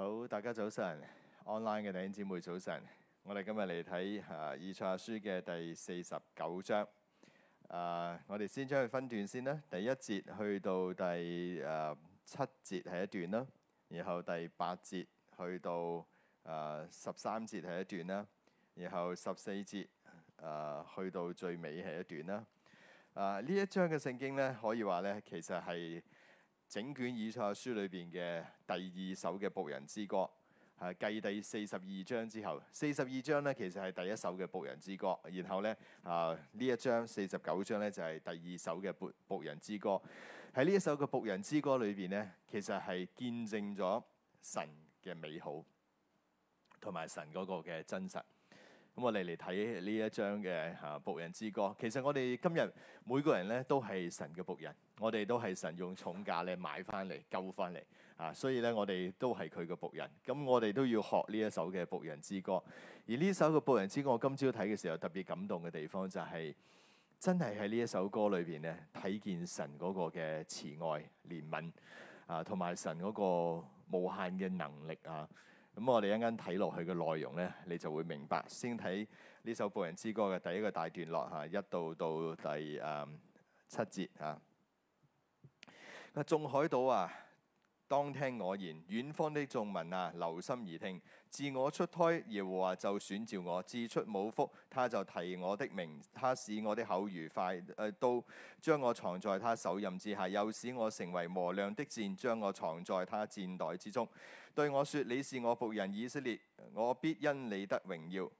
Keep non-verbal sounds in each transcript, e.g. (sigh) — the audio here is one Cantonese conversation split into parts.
好，大家早晨，online 嘅弟兄姊妹早晨。我哋今日嚟睇啊以賽亞書嘅第四十九章。啊，我哋先將佢分段先啦。第一節去到第誒、啊、七節係一段啦，然後第八節去到誒、啊、十三節係一段啦，然後十四節誒、啊、去到最尾係一段啦。啊，呢一章嘅聖經咧，可以話咧，其實係。整卷以賽書裏邊嘅第二首嘅僕人之歌，係、啊、計第四十二章之後，四十二章咧其實係第一首嘅僕人之歌，然後咧啊呢一章四十九章咧就係、是、第二首嘅僕僕人之歌。喺呢一首嘅僕人之歌裏邊咧，其實係見證咗神嘅美好同埋神嗰個嘅真實。咁我哋嚟睇呢一張嘅啊僕人之歌。其實我哋今日每個人咧都係神嘅僕人，我哋都係神用重價咧買翻嚟、救翻嚟啊！所以咧我哋都係佢嘅僕人。咁我哋都要學呢一首嘅僕人之歌。而呢首嘅僕人之歌，我今朝睇嘅時候特別感動嘅地方就係真係喺呢一首歌裏邊咧睇見神嗰個嘅慈愛、憐憫，啊，同埋神嗰個無限嘅能力啊！咁我哋一陣睇落去嘅內容呢，你就會明白。先睇呢首《僕人之歌》嘅第一個大段落嚇、啊，一到到第、嗯、七節嚇。眾、啊、海島啊，當聽我言，遠方的眾民啊，留心而聽。自我出胎，耶和華就選召我；自出母腹，他就提我的名，他使我的口如快。誒、呃、都將我藏在他手蔭之下，又使我成為磨亮的箭，將我藏在他箭袋之中。對我說：“你是我僕人以色列，我必因你得榮耀。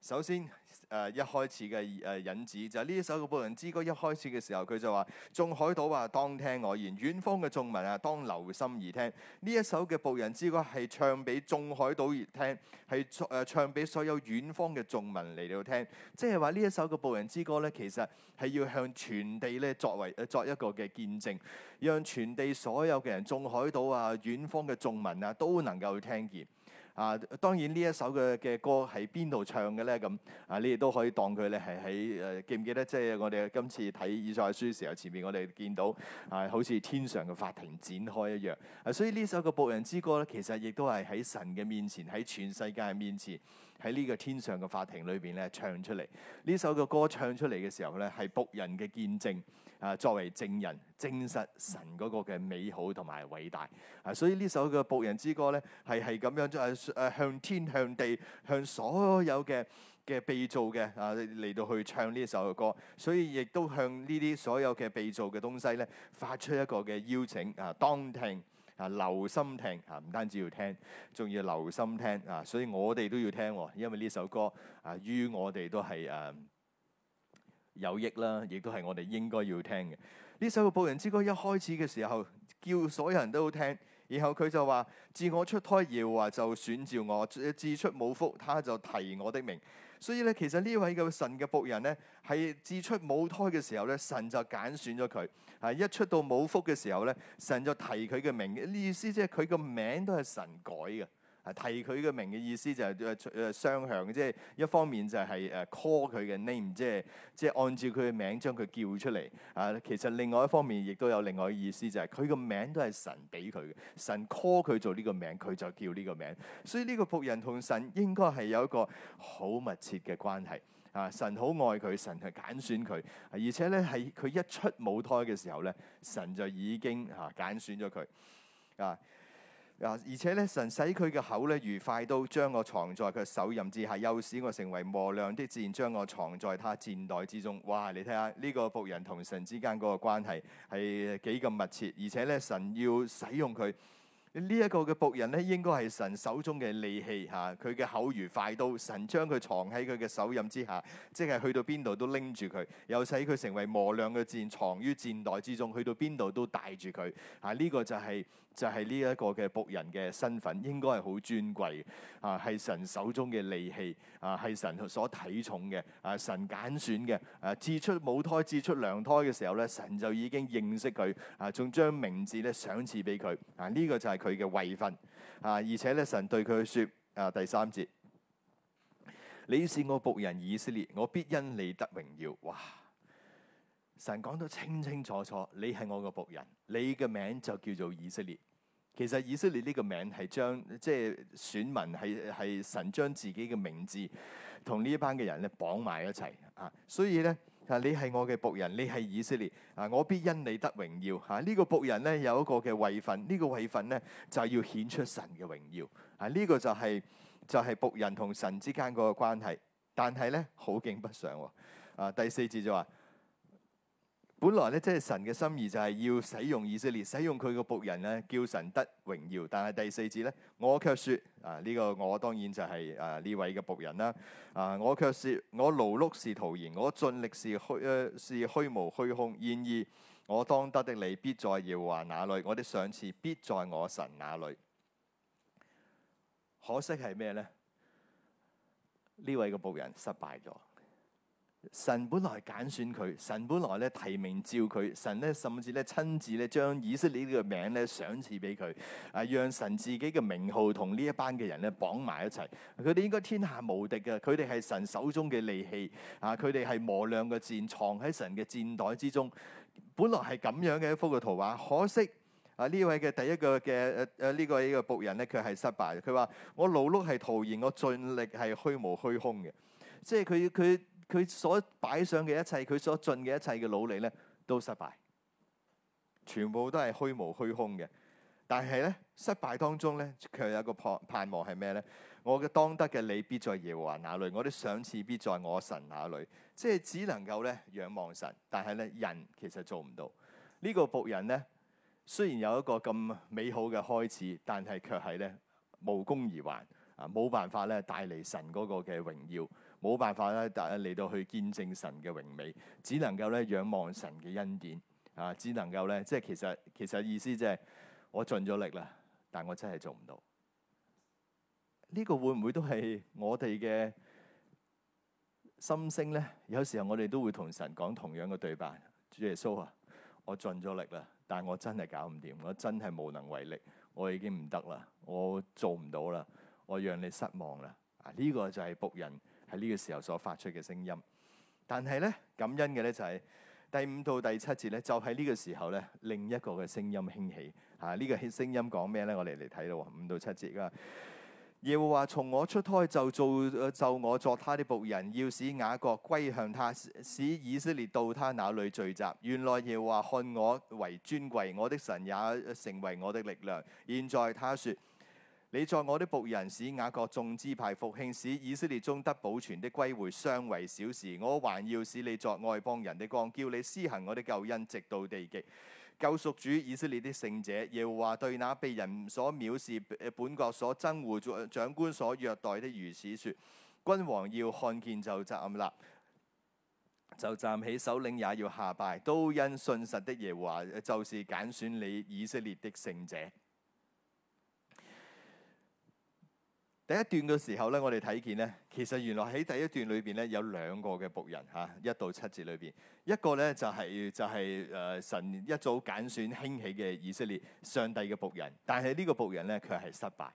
首先，誒一開始嘅誒引子就係、是、呢一首嘅僕人之歌。一開始嘅時候，佢就話：眾海島啊，當聽我言，遠方嘅眾民啊，當留心而聽。呢一首嘅僕人之歌係唱俾眾海島而聽，係誒唱俾所有遠方嘅眾民嚟到聽。即係話呢一首嘅僕人之歌咧，其實係要向全地咧作為誒作一個嘅見證，讓全地所有嘅人，眾海島啊、遠方嘅眾民啊，都能夠去聽見。啊，當然呢一首嘅嘅歌喺邊度唱嘅咧？咁啊，你亦都可以當佢咧係喺誒，記唔記得即係、就是、我哋今次睇以賽書時候，前面我哋見到啊，好似天上嘅法庭展開一樣。啊，所以呢首嘅僕人之歌咧，其實亦都係喺神嘅面前，喺全世界面前，喺呢個天上嘅法庭裏邊咧唱出嚟。呢首嘅歌唱出嚟嘅時候咧，係僕人嘅見證。啊，作為證人證實神嗰個嘅美好同埋偉大啊，所以呢首嘅僕人之歌咧，係係咁樣即係誒向天向地向所有嘅嘅被造嘅啊，嚟到去唱呢首嘅歌，所以亦都向呢啲所有嘅被造嘅東西咧發出一個嘅邀請啊，當聽啊，留心聽啊，唔單止要聽，仲要留心聽啊，所以我哋都要聽喎、哦，因為呢首歌啊於我哋都係誒。啊有益啦，亦都係我哋應該要聽嘅呢首嘅《僕人之歌》。一開始嘅時候叫所有人都要聽，然後佢就話自我出胎要，要啊就選召我；自出母腹，他就提我的名。所以咧，其實位呢位嘅神嘅僕人咧，係自出母胎嘅時候咧，神就揀選咗佢；係一出到母腹嘅時候咧，神就提佢嘅名。呢意思即係佢個名都係神改嘅。提佢嘅名嘅意思就係誒雙向，即係一方面就係誒 call 佢嘅 name，即係即係按照佢嘅名將佢叫出嚟。啊，其實另外一方面亦都有另外嘅意思，就係佢個名都係神俾佢嘅，神 call 佢做呢個名，佢就叫呢個名。所以呢個僕人同神應該係有一個好密切嘅關係。啊，神好愛佢，神係揀選佢，啊，而且咧係佢一出母胎嘅時候咧，神就已經啊揀選咗佢。啊。而且咧，神使佢嘅口咧如快刀，將我藏在佢手蔭之下，又使我成為磨亮的箭，將我藏在他箭袋之中。哇！你睇下呢個僕人同神之間嗰個關係係幾咁密切？而且咧，神要使用佢呢一個嘅僕人咧，應該係神手中嘅利器吓。佢嘅口如快刀，神將佢藏喺佢嘅手蔭之下，即係去到邊度都拎住佢，又使佢成為磨亮嘅箭，藏於箭袋之中，去到邊度都帶住佢。啊，呢、這個就係、是。就係呢一個嘅僕人嘅身份，應該係好尊貴啊！係神手中嘅利器啊！係神所睇重嘅啊！神揀選嘅啊！自出母胎，自出娘胎嘅時候咧，神就已經認識佢啊！仲將名字咧賞賜俾佢啊！呢個就係佢嘅位份啊！而且咧，神對佢説啊，第三節：你是我僕人以色列，我必因你得榮耀。哇！神講得清清楚楚，你係我個僕人，你嘅名就叫做以色列。其實以色列呢個名係將即係選民係係神將自己嘅名字同呢一班嘅人咧綁埋一齊啊，所以咧啊，你係我嘅僕人，你係以色列啊，我必因你得榮耀嚇。呢、啊這個僕人咧有一個嘅位份，呢、這個位份咧就要顯出神嘅榮耀啊。呢、這個就係、是、就係、是、僕人同神之間嗰個關係。但係咧好景不常、哦，啊第四節就話。本來咧，即係神嘅心意就係要使用以色列，使用佢個僕人咧，叫神得榮耀。但係第四節咧，我卻說啊，呢、這個我當然就係、是、啊呢位嘅僕人啦。啊，我卻說，我勞碌是徒然，我盡力是虛、呃、是虛無虛空。然而，我當得的，你必在耶和華那裏，我的賞賜必在我神那裏。可惜係咩咧？呢位嘅僕人失敗咗。神本來揀選佢，神本來咧提名召佢，神咧甚至咧親自咧將以色列呢個名咧賞賜俾佢，啊，讓神自己嘅名號同呢一班嘅人咧綁埋一齊。佢哋應該天下無敵嘅，佢哋係神手中嘅利器，啊，佢哋係磨亮嘅箭，藏喺神嘅箭袋之中。本來係咁樣嘅一幅嘅圖畫，可惜啊呢位嘅第一個嘅誒誒呢位嘅僕人咧佢係失敗，佢話我勞碌係徒然，我盡力係虛無虛空嘅，即係佢佢。佢所擺上嘅一切，佢所盡嘅一切嘅努力咧，都失敗，全部都係虛無虛空嘅。但係咧，失敗當中咧，卻有一個盼盼望係咩咧？我嘅當得嘅，你必在耶和華那裏；我啲賞賜必在我神那裏。即係只能夠咧仰望神，但係咧人其實做唔到。呢、這個僕人咧，雖然有一個咁美好嘅開始，但係卻係咧無功而還，啊冇辦法咧帶嚟神嗰個嘅榮耀。冇辦法啦，但係嚟到去見證神嘅榮美，只能夠咧仰望神嘅恩典啊！只能夠咧，即係其實其實意思即係我盡咗力啦，但我真係做唔到呢個。會唔會都係我哋嘅心聲咧？有時候我哋都會同神講同樣嘅對白，主耶穌啊，我盡咗力啦，但我真係搞唔掂，我真係無能為力，我已經唔得啦，我做唔到啦，我讓你失望啦啊！呢個就係僕人。喺呢個時候所發出嘅聲音，但呢，但係咧，感恩嘅咧就係第五到第七節咧，就喺呢個時候咧另一個嘅聲音興起嚇，啊這個、聲呢個聲聲音講咩咧？我哋嚟睇到五到七節啊！耶和華從我出胎就做就我作他的僕人，要使雅各歸向他，使以色列到他那裏聚集。原來耶和華看我為尊貴，我的神也成為我的力量。現在他說。你作我的僕人使雅各眾支派復興，使以色列中得保存的歸回，尚為小事。我還要使你作外邦人的光，叫你施行我的救恩，直到地極。救贖主以色列的聖者，耶和華對那被人所藐視、本國所憎惡、長官所虐待的如此說：君王要看見就站立，就站起；首領也要下拜，都因信實的耶和華，就是揀選你以色列的聖者。第一段嘅時候咧，我哋睇見咧，其實原來喺第一段裏邊咧，有兩個嘅僕人嚇，一到七節裏邊，一個咧就係、是、就係、是、誒神一早揀選興起嘅以色列上帝嘅僕人，但係呢個僕人咧佢係失敗。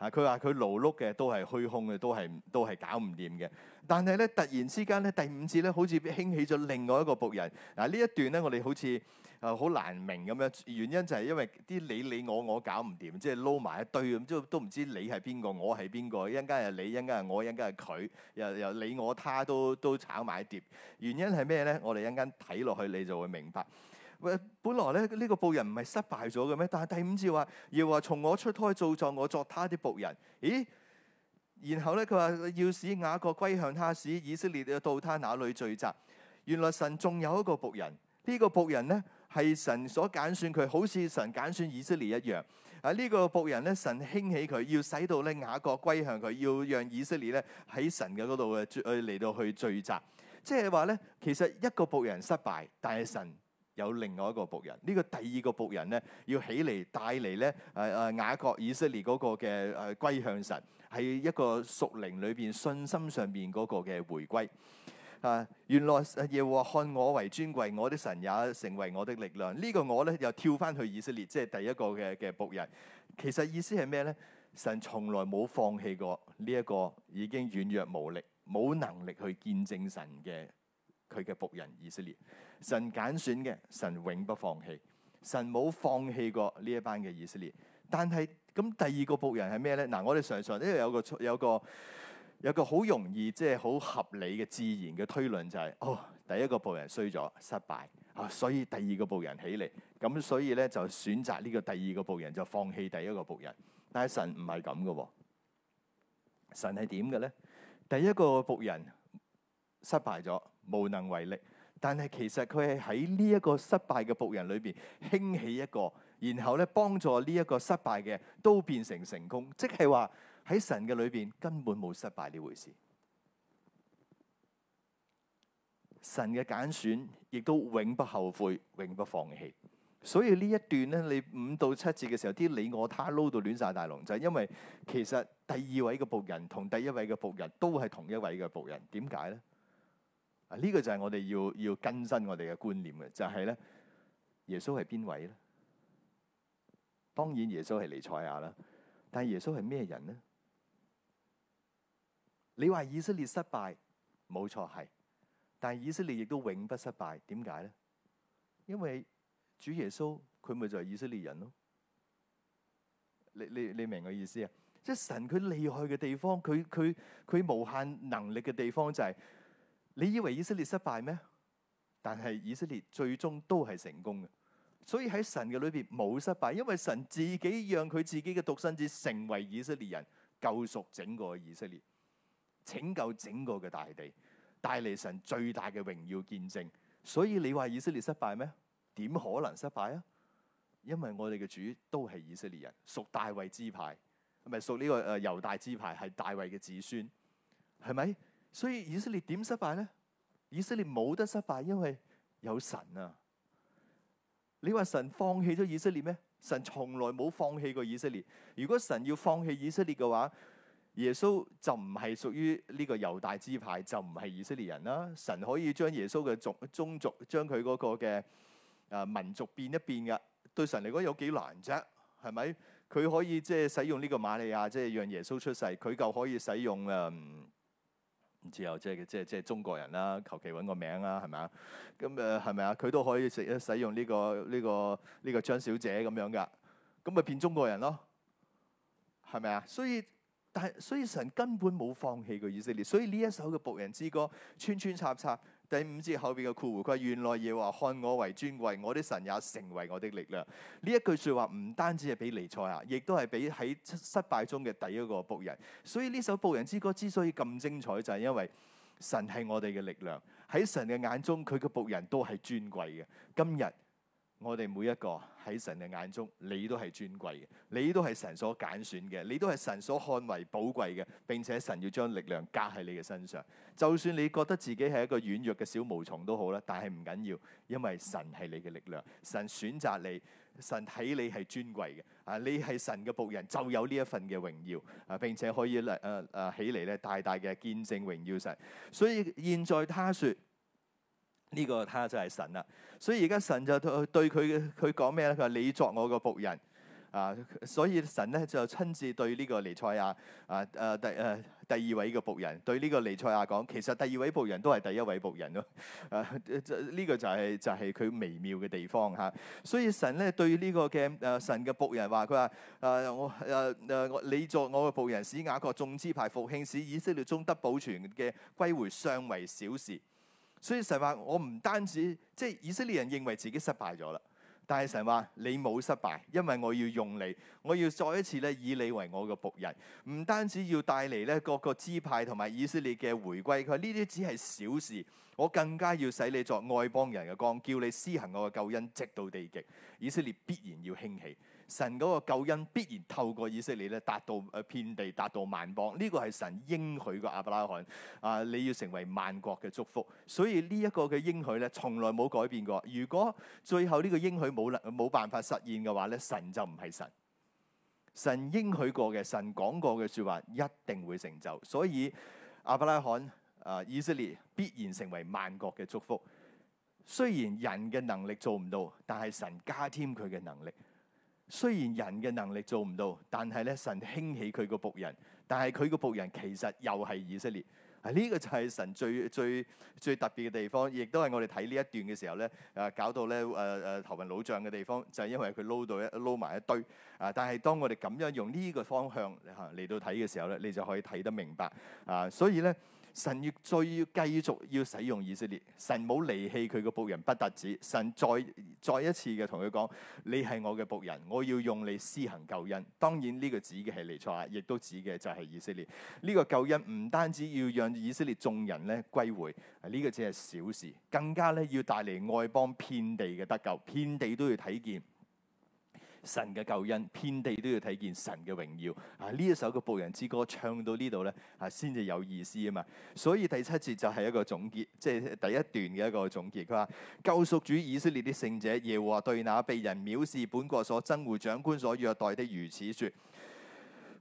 啊！佢話佢勞碌嘅都係虛空嘅，都係都係搞唔掂嘅。但係咧，突然之間咧，第五節咧，好似興起咗另外一個僕人。嗱，呢一段咧，我哋好似啊好難明咁樣。原因就係因為啲你你我我搞唔掂，即係撈埋一堆咁，都都唔知你係邊個，我係邊個，一陣間係你，一陣間係我，一陣間係佢，又又你我他都都炒埋一碟。原因係咩咧？我哋一陣間睇落去你就會明白。本來咧呢、這個僕人唔係失敗咗嘅咩？但係第五節話，要話從我出胎造作我作他啲僕人，咦？然後咧佢話要使雅各歸向他，使以色列到他那裏聚集。原來神仲有一個僕人，這個、人呢個僕人咧係神所揀選佢，好似神揀選以色列一樣。啊，這個、呢個僕人咧神興起佢，要使到咧雅各歸向佢，要讓以色列咧喺神嘅嗰度嘅嚟，到去聚集。即係話咧，其實一個僕人失敗，但係神。有另外一個僕人，呢、這個第二個僕人呢，要起嚟帶嚟呢誒誒，雅各以色列嗰個嘅歸、呃、向神，係一個屬靈裏邊信心上面嗰個嘅回歸。啊，原來耶和華看我為尊貴，我的神也成為我的力量。呢、這個我呢，又跳翻去以色列，即係第一個嘅嘅僕人。其實意思係咩呢？神從來冇放棄過呢一個已經軟弱無力、冇能力去見證神嘅佢嘅僕人以色列。神揀選嘅，神永不放棄，神冇放棄過呢一班嘅以色列。但係咁第二個僕人係咩咧？嗱，我哋常常都有個有個有個好容易即係好合理嘅自然嘅推論就係，是，哦，第一個僕人衰咗失敗啊，哦，所以第二個僕人起嚟，咁所以咧就選擇呢個第二個僕人就放棄第一個僕人。但係神唔係咁嘅，神係點嘅咧？第一個僕人失敗咗，無能為力。但係其實佢係喺呢一個失敗嘅僕人裏邊興起一個，然後咧幫助呢一個失敗嘅都變成成功，即係話喺神嘅裏邊根本冇失敗呢回事。神嘅揀選亦都永不後悔、永不放棄。所以呢一段咧，你五到七節嘅時候，啲你我他撈到亂晒大龍仔，因為其實第二位嘅僕人同第一位嘅僕人都係同一位嘅僕人，點解咧？啊！呢個就係我哋要要更新我哋嘅觀念嘅，就係咧，耶穌係邊位咧？當然耶穌係彌賽亞啦，但係耶穌係咩人咧？你話以色列失敗，冇錯係，但係以色列亦都永不失敗，點解咧？因為主耶穌佢咪就係以色列人咯？你你你明我意思啊？即係神佢厲害嘅地方，佢佢佢無限能力嘅地方就係。你以為以色列失敗咩？但係以色列最終都係成功嘅，所以喺神嘅裏邊冇失敗，因為神自己讓佢自己嘅獨生子成為以色列人，救贖整個以色列，拯救整個嘅大地，帶嚟神最大嘅榮耀見證。所以你話以色列失敗咩？點可能失敗啊？因為我哋嘅主都係以色列人，屬大衛之派，係咪？屬呢個誒猶大之派，係大衛嘅子孫，係咪？所以以色列點失敗咧？以色列冇得失敗，因為有神啊！你話神放棄咗以色列咩？神從來冇放棄過以色列。如果神要放棄以色列嘅話，耶穌就唔係屬於呢個猶大支派，就唔係以色列人啦。神可以將耶穌嘅族宗族將佢嗰個嘅啊民族變一變噶，對神嚟講有幾難啫？係咪？佢可以即係使用呢個瑪利亞，即係讓耶穌出世。佢夠可以使用誒。之後即係即係即係中國人啦，求其揾個名啦，係咪啊？咁誒係咪啊？佢都可以使使用呢個呢個呢個張小姐咁樣噶，咁咪騙中國人咯，係咪啊？所以但係所以神根本冇放棄過以色列，所以呢一首嘅僕人之歌穿穿插插。川川叉叉第五節後邊嘅括弧，佢原來耶和華看我為尊貴，我的神也成為我的力量。呢一句説話唔單止係俾尼賽亞，亦都係俾喺失敗中嘅第一個僕人。所以呢首僕人之歌之所以咁精彩，就係因為神係我哋嘅力量。喺神嘅眼中，佢嘅僕人都係尊貴嘅。今日。我哋每一個喺神嘅眼中，你都係尊貴嘅，你都係神所揀選嘅，你都係神所看為寶貴嘅，並且神要將力量加喺你嘅身上。就算你覺得自己係一個軟弱嘅小毛蟲都好啦，但係唔緊要，因為神係你嘅力量，神選擇你，神睇你係尊貴嘅，啊，你係神嘅僕人就有呢一份嘅榮耀啊，並且可以嚟啊啊起嚟咧大大嘅見證榮耀神。所以現在他說。呢個他就係神啦，所以而家神就對佢佢講咩咧？佢話你作我個僕人啊，所以神咧就親自對呢個以賽亞啊啊第啊第二位嘅僕人對呢個以賽亞講，其實第二位僕人都係第一位僕人咯。啊，呢、這個就係、是、就係、是、佢微妙嘅地方嚇、啊。所以神咧對呢個嘅誒、啊、神嘅僕人話佢話誒我誒誒你作我嘅僕人，使雅各眾支派復興，使以色列中得保存嘅歸回尚為小事。所以神話我唔單止即係以色列人認為自己失敗咗啦，但係神話你冇失敗，因為我要用你，我要再一次咧以你為我嘅僕人，唔單止要帶嚟咧各個支派同埋以色列嘅回歸，佢話呢啲只係小事，我更加要使你作外邦人嘅光，叫你施行我嘅救恩直到地極，以色列必然要興起。神嗰個救恩必然透過以色列咧達到誒遍地達到萬邦。呢個係神應許過亞伯拉罕啊、呃、你要成為萬國嘅祝福，所以呢一個嘅應許咧從來冇改變過。如果最後呢個應許冇能冇辦法實現嘅話咧，神就唔係神。神應許過嘅，神講過嘅說話一定會成就，所以亞伯拉罕啊、呃、以色列必然成為萬國嘅祝福。雖然人嘅能力做唔到，但係神加添佢嘅能力。雖然人嘅能力做唔到，但係咧神興起佢個僕人，但係佢個僕人其實又係以色列。啊，呢、這個就係神最最最特別嘅地方，亦都係我哋睇呢一段嘅時候咧，啊搞到咧誒誒頭暈腦脹嘅地方，就係、是、因為佢撈到一撈埋一堆。啊，但係當我哋咁樣用呢個方向嚟到睇嘅時候咧，你就可以睇得明白。啊，所以咧。神要再要繼續要使用以色列，神冇離棄佢個僕人不得止。神再再一次嘅同佢講：你係我嘅僕人，我要用你施行救恩。當然呢個指嘅係彌賽亞，亦都指嘅就係以色列。呢個救恩唔單止要讓以色列眾人咧歸回，呢個只係小事，更加咧要帶嚟外邦遍地嘅得救，遍地都要睇見。神嘅救恩，遍地都要睇見神嘅榮耀。啊，呢一首嘅僕人之歌唱到呢度咧，啊，先至有意思啊嘛。所以第七節就係一個總結，即係第一段嘅一個總結。佢話：救贖主以色列啲聖者耶和華對那被人藐視、本國所憎惡、長官所虐待的，如此說。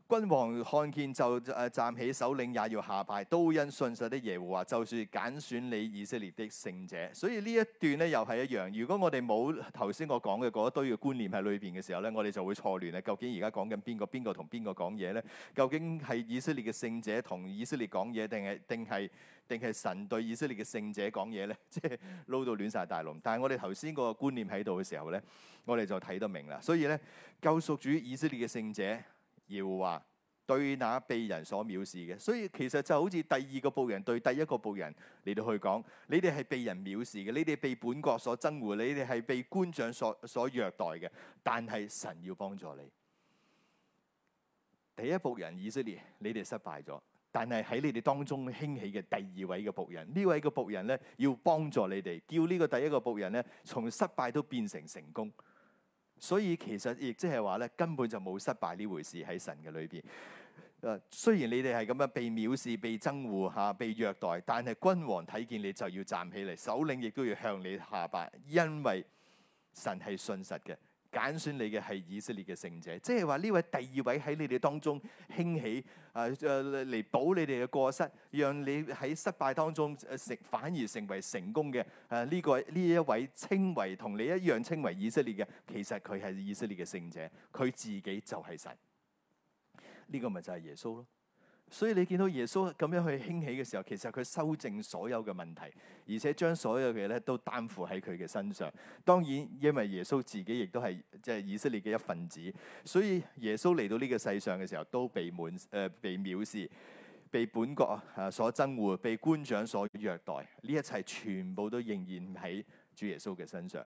君王看見就誒，站起，首領也要下拜，都因信實的耶和華，就算揀選你以色列的聖者。所以呢一段咧又係一樣。如果我哋冇頭先我講嘅嗰一堆嘅觀念喺裏邊嘅時候咧，我哋就會錯亂啊！究竟而家講緊邊個？邊個同邊個講嘢咧？究竟係以色列嘅聖者同以色列講嘢，定係定係定係神對以色列嘅聖者講嘢咧？即係撈到亂晒大龍。但係我哋頭先個觀念喺度嘅時候咧，我哋就睇得明啦。所以咧，救贖主以色列嘅聖者。要話對那被人所藐視嘅，所以其實就好似第二個僕人對第一個僕人你哋去講，你哋係被人藐視嘅，你哋被本國所憎惡，你哋係被官長所所虐待嘅，但係神要幫助你。第一僕人以色列，你哋失敗咗，但係喺你哋當中興起嘅第二位嘅僕人，位人呢位嘅僕人咧要幫助你哋，叫呢個第一個僕人咧從失敗都變成成功。所以其實亦即係話咧，根本就冇失敗呢回事喺神嘅裏邊。誒， (laughs) 雖然你哋係咁樣被藐視、被憎惡、嚇、被虐待，但係君王睇見你就要站起嚟，首領亦都要向你下拜，因為神係信實嘅。揀選你嘅係以色列嘅聖者，即係話呢位第二位喺你哋當中興起，誒誒嚟補你哋嘅過失，讓你喺失敗當中成反而成為成功嘅。誒、呃、呢、這個呢一位稱為同你一樣稱為以色列嘅，其實佢係以色列嘅聖者，佢自己就係神。呢、這個咪就係耶穌咯。所以你見到耶穌咁樣去興起嘅時候，其實佢修正所有嘅問題，而且將所有嘅嘢咧都擔負喺佢嘅身上。當然，因為耶穌自己亦都係即係以色列嘅一份子，所以耶穌嚟到呢個世上嘅時候，都被藐誒、呃、被藐視、被本國誒所憎惡、被官長所虐待，呢一切全部都仍然喺主耶穌嘅身上。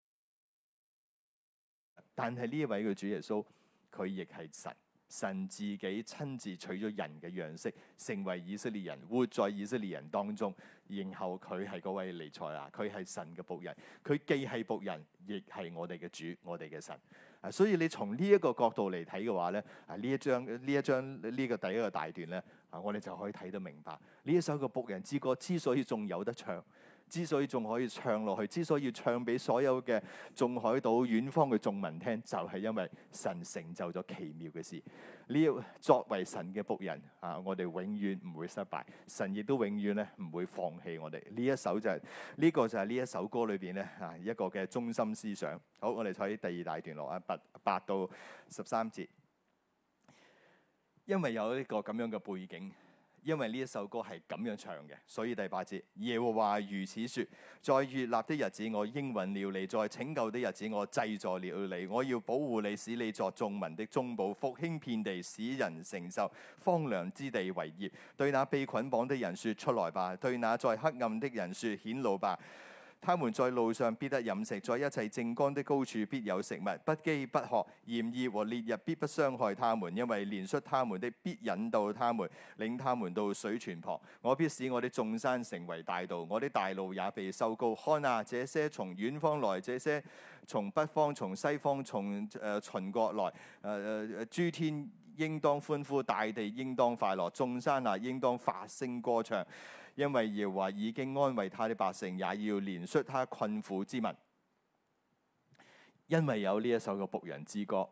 但係呢一位嘅主耶穌，佢亦係神。神自己親自取咗人嘅樣式，成為以色列人，活在以色列人當中。然後佢係嗰位彌賽亞，佢係神嘅僕人。佢既係僕人，亦係我哋嘅主，我哋嘅神、啊。所以你從呢一個角度嚟睇嘅話咧，呢、啊、一張呢一張呢個第一個大段咧、啊，我哋就可以睇得明白呢一首嘅僕人之歌之所以仲有得唱。之所以仲可以唱落去，之所以唱俾所有嘅眾海島、遠方嘅眾民聽，就係、是、因為神成就咗奇妙嘅事。呢、這個，作為神嘅僕人啊，我哋永遠唔會失敗，神亦都永遠咧唔會放棄我哋。呢一首就係、是、呢、這個就係呢一首歌裏邊咧啊一個嘅中心思想。好，我哋睇第二大段落啊，八八到十三節，因為有呢個咁樣嘅背景。因為呢一首歌係咁樣唱嘅，所以第八節，耶和華如此説：在悅納的日子，我應允了你；在拯救的日子，我濟助了你。我要保護你，使你作眾民的中保，復興遍地，使人承受荒涼之地為業。對那被捆綁的人説：出來吧！對那在黑暗的人説：顯露吧！他們在路上必得飲食，在一切淨光的高處必有食物。不飢不渴，炎熱和烈日必不傷害他們，因為憐恤他們的必引導他們，領他們到水泉旁。我必使我的眾山成為大道，我的大路也被修高。看啊，這些從遠方來，這些從北方、從西方、從誒、呃、秦國來，誒誒誒，諸天應當歡呼，大地應當快樂，眾山啊，應當發聲歌唱。因為耶華已經安慰他的百姓，也要憐恤他困苦之民。因為有呢一首嘅僕人之歌，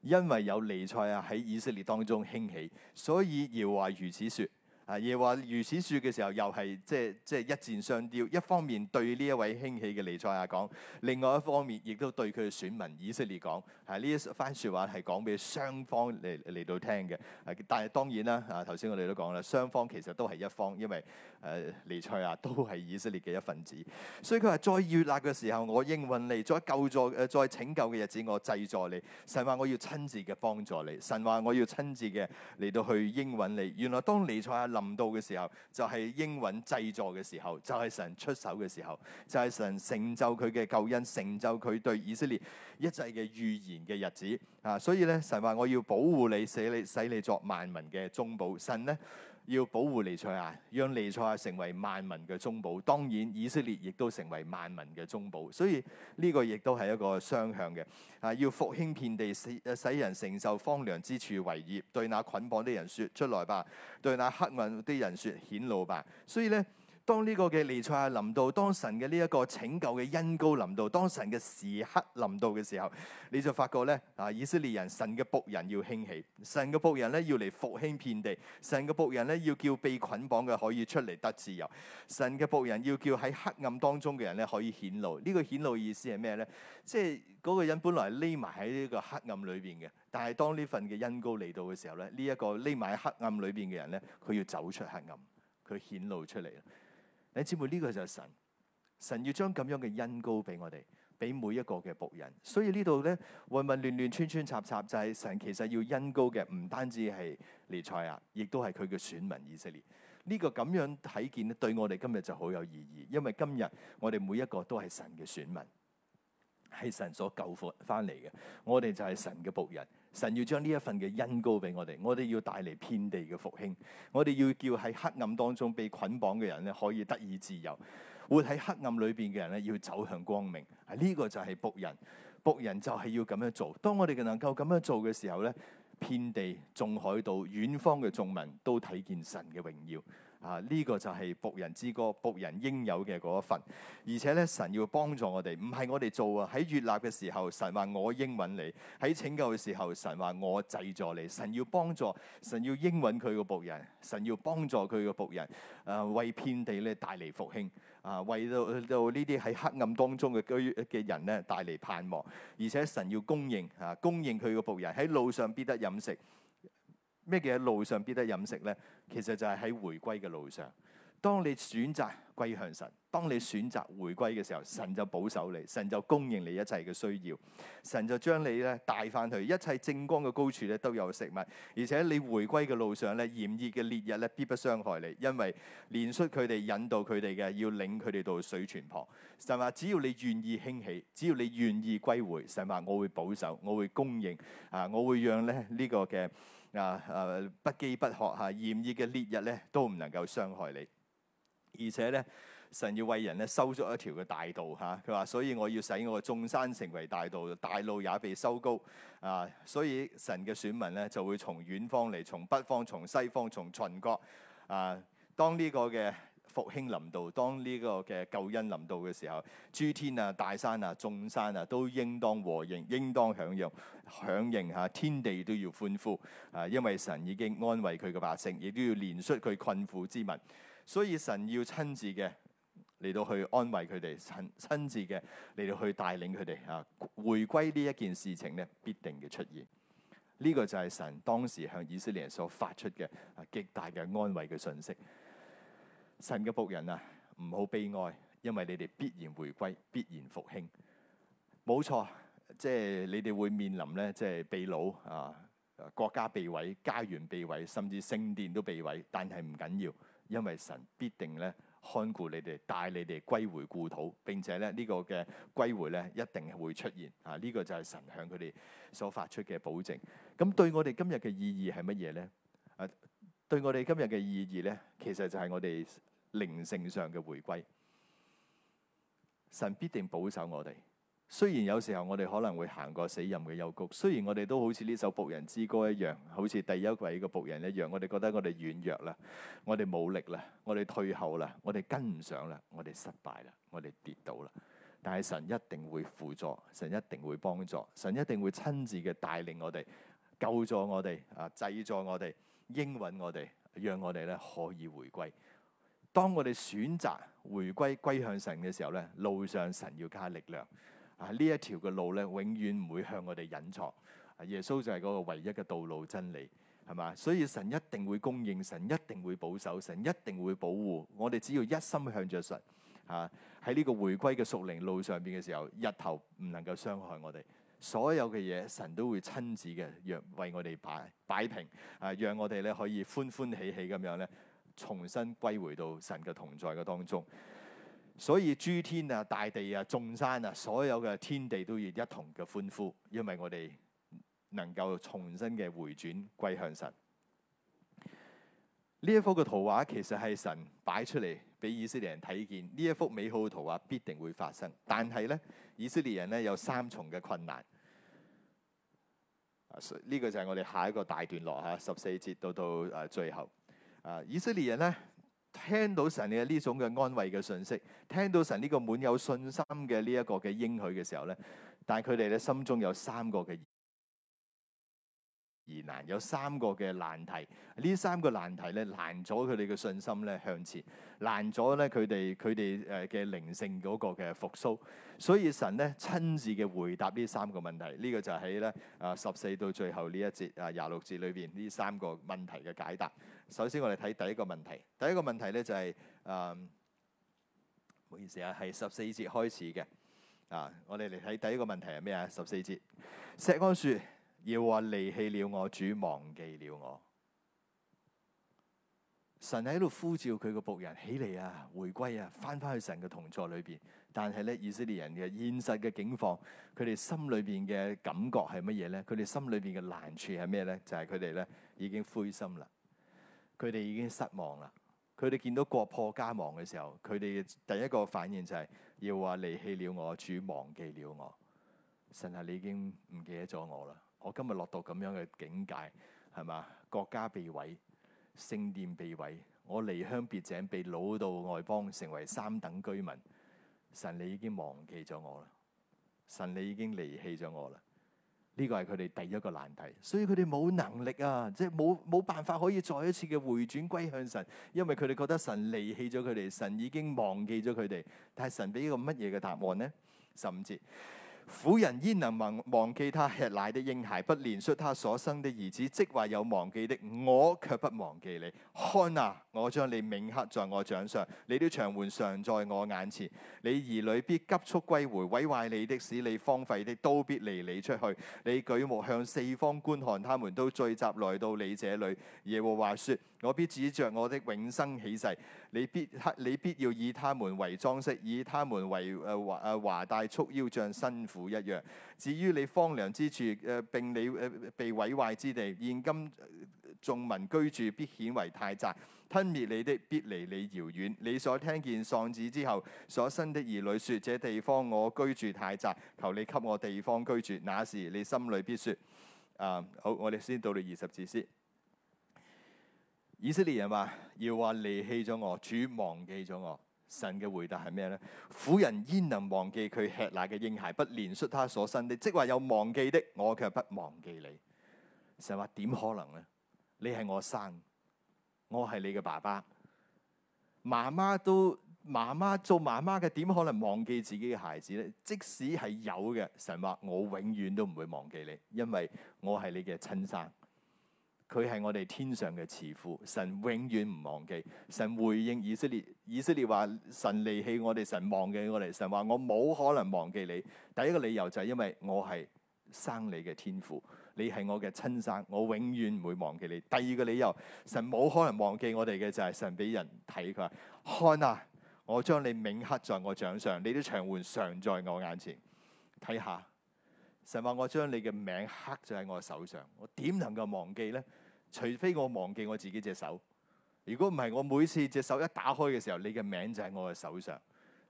因為有尼賽亞喺以色列當中興起，所以耶華如此説啊。耶華如此説嘅時候，又係即係即係一箭雙雕。一方面對呢一位興起嘅尼賽亞講，另外一方面亦都對佢嘅選民以色列講啊。呢一番説話係講俾雙方嚟嚟到聽嘅，啊，但係當然啦啊，頭先我哋都講啦，雙方其實都係一方，因為。誒、啊、彌賽亞都係以色列嘅一份子，所以佢話：再悅納嘅時候，我應允你；再救助、誒、呃、再拯救嘅日子，我濟助你。神話我要親自嘅幫助你，神話我要親自嘅嚟到去應允你。原來當彌賽亞臨到嘅時候，就係應允濟助嘅時候，就係、是、神出手嘅時候，就係、是、神成就佢嘅救恩，成就佢對以色列一切嘅預言嘅日子啊！所以咧，神話我要保護你，使你使你，使你作萬民嘅中保。神呢。要保護彌賽亞，讓彌賽亞成為萬民嘅中保。當然，以色列亦都成為萬民嘅中保。所以呢個亦都係一個雙向嘅。啊，要復興遍地，使，使人承受荒涼之處為業，對那捆綁的人說出來吧，對那黑暗的人說顯露吧。所以咧。當呢個嘅彌賽亞臨到，當神嘅呢一個拯救嘅恩膏臨到，當神嘅時刻臨到嘅時候，你就發覺咧啊，以色列人神嘅僕人要興起，神嘅僕人咧要嚟復興遍地，神嘅僕人咧要叫被捆綁嘅可以出嚟得自由，神嘅僕人要叫喺黑暗當中嘅人咧可以顯露。呢個顯露意思係咩咧？即係嗰個人本來匿埋喺呢個黑暗裏邊嘅，但係當呢份嘅恩膏嚟到嘅時候咧，呢一個匿埋喺黑暗裏邊嘅人咧，佢要走出黑暗，佢顯露出嚟。你知姊妹，呢、這個就係神，神要將咁樣嘅恩膏俾我哋，俾每一個嘅僕人。所以呢度咧，混混亂亂、穿穿插插，就係、是、神其實要恩膏嘅，唔單止係以賽亞，亦都係佢嘅選民以色列。呢、這個咁樣睇見咧，對我哋今日就好有意義，因為今日我哋每一個都係神嘅選民，係神所救活翻嚟嘅，我哋就係神嘅僕人。神要將呢一份嘅恩膏俾我哋，我哋要帶嚟遍地嘅復興，我哋要叫喺黑暗當中被捆綁嘅人咧可以得以自由，活喺黑暗裏邊嘅人咧要走向光明。啊，呢個就係僕人，僕人就係要咁樣做。當我哋能夠咁樣做嘅時候咧，遍地、眾海島、遠方嘅眾民都睇見神嘅榮耀。啊！呢、這個就係僕人之歌，僕人應有嘅嗰一份。而且咧，神要幫助我哋，唔係我哋做啊！喺悅納嘅時候，神話我應允你；喺拯救嘅時候，神話我濟助你。神要幫助，神要應允佢個僕人，神要幫助佢個僕人。啊，為遍地咧帶嚟復興，啊，為到到呢啲喺黑暗當中嘅居嘅人咧帶嚟盼望。而且神要供應，啊，供應佢個僕人喺路上必得飲食。咩叫喺路上必得飲食呢？其實就係喺回歸嘅路上。當你選擇歸向神，當你選擇回歸嘅時候，神就保守你，神就供應你一切嘅需要，神就將你咧帶翻去一切正光嘅高處咧都有食物，而且你回歸嘅路上咧炎熱嘅烈日咧必不傷害你，因為連率佢哋，引導佢哋嘅，要領佢哋到水泉旁，神話：只要你願意興起，只要你願意歸回。神話：我會保守，我會供應啊，我會讓咧呢、這個嘅。啊！誒、啊啊、不飢不渴嚇，炎熱嘅烈日咧都唔能夠傷害你，而且咧神要為人咧修築一條嘅大道嚇，佢、啊、話，所以我要使我嘅眾山成為大道，大路也被修高啊！所以神嘅選民咧就會從遠方嚟，從北方、從西方、從秦國啊，當呢個嘅。復興臨到，當呢個嘅救恩臨到嘅時候，諸天啊、大山啊、眾山啊，都應當和應，應當響應，響應吓，天地都要歡呼啊！因為神已經安慰佢嘅百姓，亦都要憐恤佢困苦之民，所以神要親自嘅嚟到去安慰佢哋，親親自嘅嚟到去帶領佢哋啊，回歸呢一件事情咧，必定嘅出現。呢、這個就係神當時向以色列人所發出嘅啊，極大嘅安慰嘅信息。神嘅僕人啊，唔好悲哀，因為你哋必然回歸，必然復興，冇錯，即係你哋會面臨咧，即係被擄啊，國家被毀，家園被毀，甚至聖殿都被毀，但係唔緊要，因為神必定咧看顧你哋，帶你哋歸回故土。並且咧呢個嘅歸回咧一定會出現啊！呢個就係神向佢哋所發出嘅保證，咁對我哋今日嘅意義係乜嘢咧？啊，對我哋今日嘅意義咧，其實就係我哋。靈性上嘅回歸，神必定保守我哋。雖然有時候我哋可能會行過死蔭嘅幽谷，雖然我哋都好似呢首僕人之歌一樣，好似第一位嘅僕人一樣，我哋覺得我哋軟弱啦，我哋冇力啦，我哋退後啦，我哋跟唔上啦，我哋失敗啦，我哋跌倒啦。但係神一定會輔助，神一定會幫助，神一定會親自嘅帶領我哋，救助我哋啊，製造我哋，應允我哋，讓我哋咧可以回歸。當我哋選擇回歸歸向神嘅時候咧，路上神要加力量啊！呢一條嘅路咧，永遠唔會向我哋隱藏。耶穌就係嗰個唯一嘅道路真理，係嘛？所以神一定會供應神，神一定會保守，神一定會保護。我哋只要一心向着神啊，喺呢個回歸嘅屬靈路上邊嘅時候，日頭唔能夠傷害我哋，所有嘅嘢神都會親自嘅讓為我哋擺擺平啊，讓我哋咧可以歡歡喜喜咁樣咧，重新歸回到神嘅同在嘅當中，所以諸天啊、大地啊、眾山啊，所有嘅天地都要一同嘅歡呼，因為我哋能夠重新嘅回轉歸向神。呢一幅嘅圖畫其實係神擺出嚟俾以色列人睇見，呢一幅美好嘅圖畫必定會發生。但係呢，以色列人呢有三重嘅困難。呢個就係我哋下一個大段落嚇，十四節到到最後。啊！以色列人咧聽到神嘅呢種嘅安慰嘅信息，聽到神呢個滿有信心嘅呢一個嘅應許嘅時候咧，但係佢哋咧心中有三個嘅。而難有三個嘅難題，呢三個難題咧難咗佢哋嘅信心咧向前，難咗咧佢哋佢哋誒嘅靈性嗰個嘅復甦，所以神咧親自嘅回答呢三個問題，呢個就喺咧啊十四到最後呢一節啊廿六節裏邊呢三個問題嘅解答。首先我哋睇第一個問題，第一個問題咧就係誒，唔好意思啊，係十四節開始嘅啊，我哋嚟睇第一個問題係咩啊？十四節，錫安說。要話離棄了我，主忘記了我。神喺度呼召佢個僕人起嚟啊，回歸啊，翻翻去神嘅同座裏邊。但係咧，以色列人嘅現實嘅境況，佢哋心裏邊嘅感覺係乜嘢咧？佢哋心裏邊嘅難處係咩咧？就係佢哋咧已經灰心啦，佢哋已經失望啦。佢哋見到國破家亡嘅時候，佢哋嘅第一個反應就係、是、要話離棄了我，主忘記了我。神啊，你已經唔記得咗我啦。我今日落到咁樣嘅境界，係嘛？國家被毀，聖殿被毀，我離鄉別井，被擄到外邦，成為三等居民。神你已經忘記咗我啦，神你已經離棄咗我啦。呢個係佢哋第一個難題，所以佢哋冇能力啊，即係冇冇辦法可以再一次嘅回轉歸向神，因為佢哋覺得神離棄咗佢哋，神已經忘記咗佢哋。但係神俾一個乜嘢嘅答案呢？十五節。婦人焉能忘忘記他吃奶的嬰孩，不憐恤他所生的兒子？即話有忘記的，我却不忘記你。看啊，我將你銘刻在我掌上，你的牆垣常在我眼前。你兒女必急速歸回，毀壞你的、使你荒廢的都必離你出去。你舉目向四方觀看，他們都聚集來到你這裡。耶和華說：我必指着我的永生起誓。你必他你必要以他們為裝飾，以他們為誒華誒華帶束腰像新婦一樣。至於你荒涼之處誒、呃、並你誒、呃、被毀壞之地，現今眾民居住必顯為太窄，吞滅你的必離你遙遠。你所聽見喪子之後所生的兒女説：這地方我居住太窄，求你給我地方居住。那時你心裏必説：啊，好！我哋先到咗二十字先。以色列人話：要話離棄咗我，主忘記咗我。神嘅回答係咩呢？「婦人焉能忘記佢吃奶嘅嬰孩，不憐恤他所生的？即話有忘記的，我卻不忘記你。神話點可能呢？「你係我生，我係你嘅爸爸、媽媽都媽媽做媽媽嘅點可能忘記自己嘅孩子呢？即使係有嘅，神話我永遠都唔會忘記你，因為我係你嘅親生。佢係我哋天上嘅慈父，神永遠唔忘記，神回應以色列，以色列話神離棄我哋，神忘記我哋，神話我冇可能忘記你。第一個理由就係因為我係生你嘅天父，你係我嘅親生，我永遠唔會忘記你。第二個理由，神冇可能忘記我哋嘅就係神俾人睇佢話，看啊，ana，我將你銘刻在我掌上，你啲牆垣常在我眼前，睇下。神話我將你嘅名刻咗喺我嘅手上，我點能夠忘記呢？除非我忘記我自己隻手。如果唔係，我每次隻手一打開嘅時候，你嘅名就喺我嘅手上。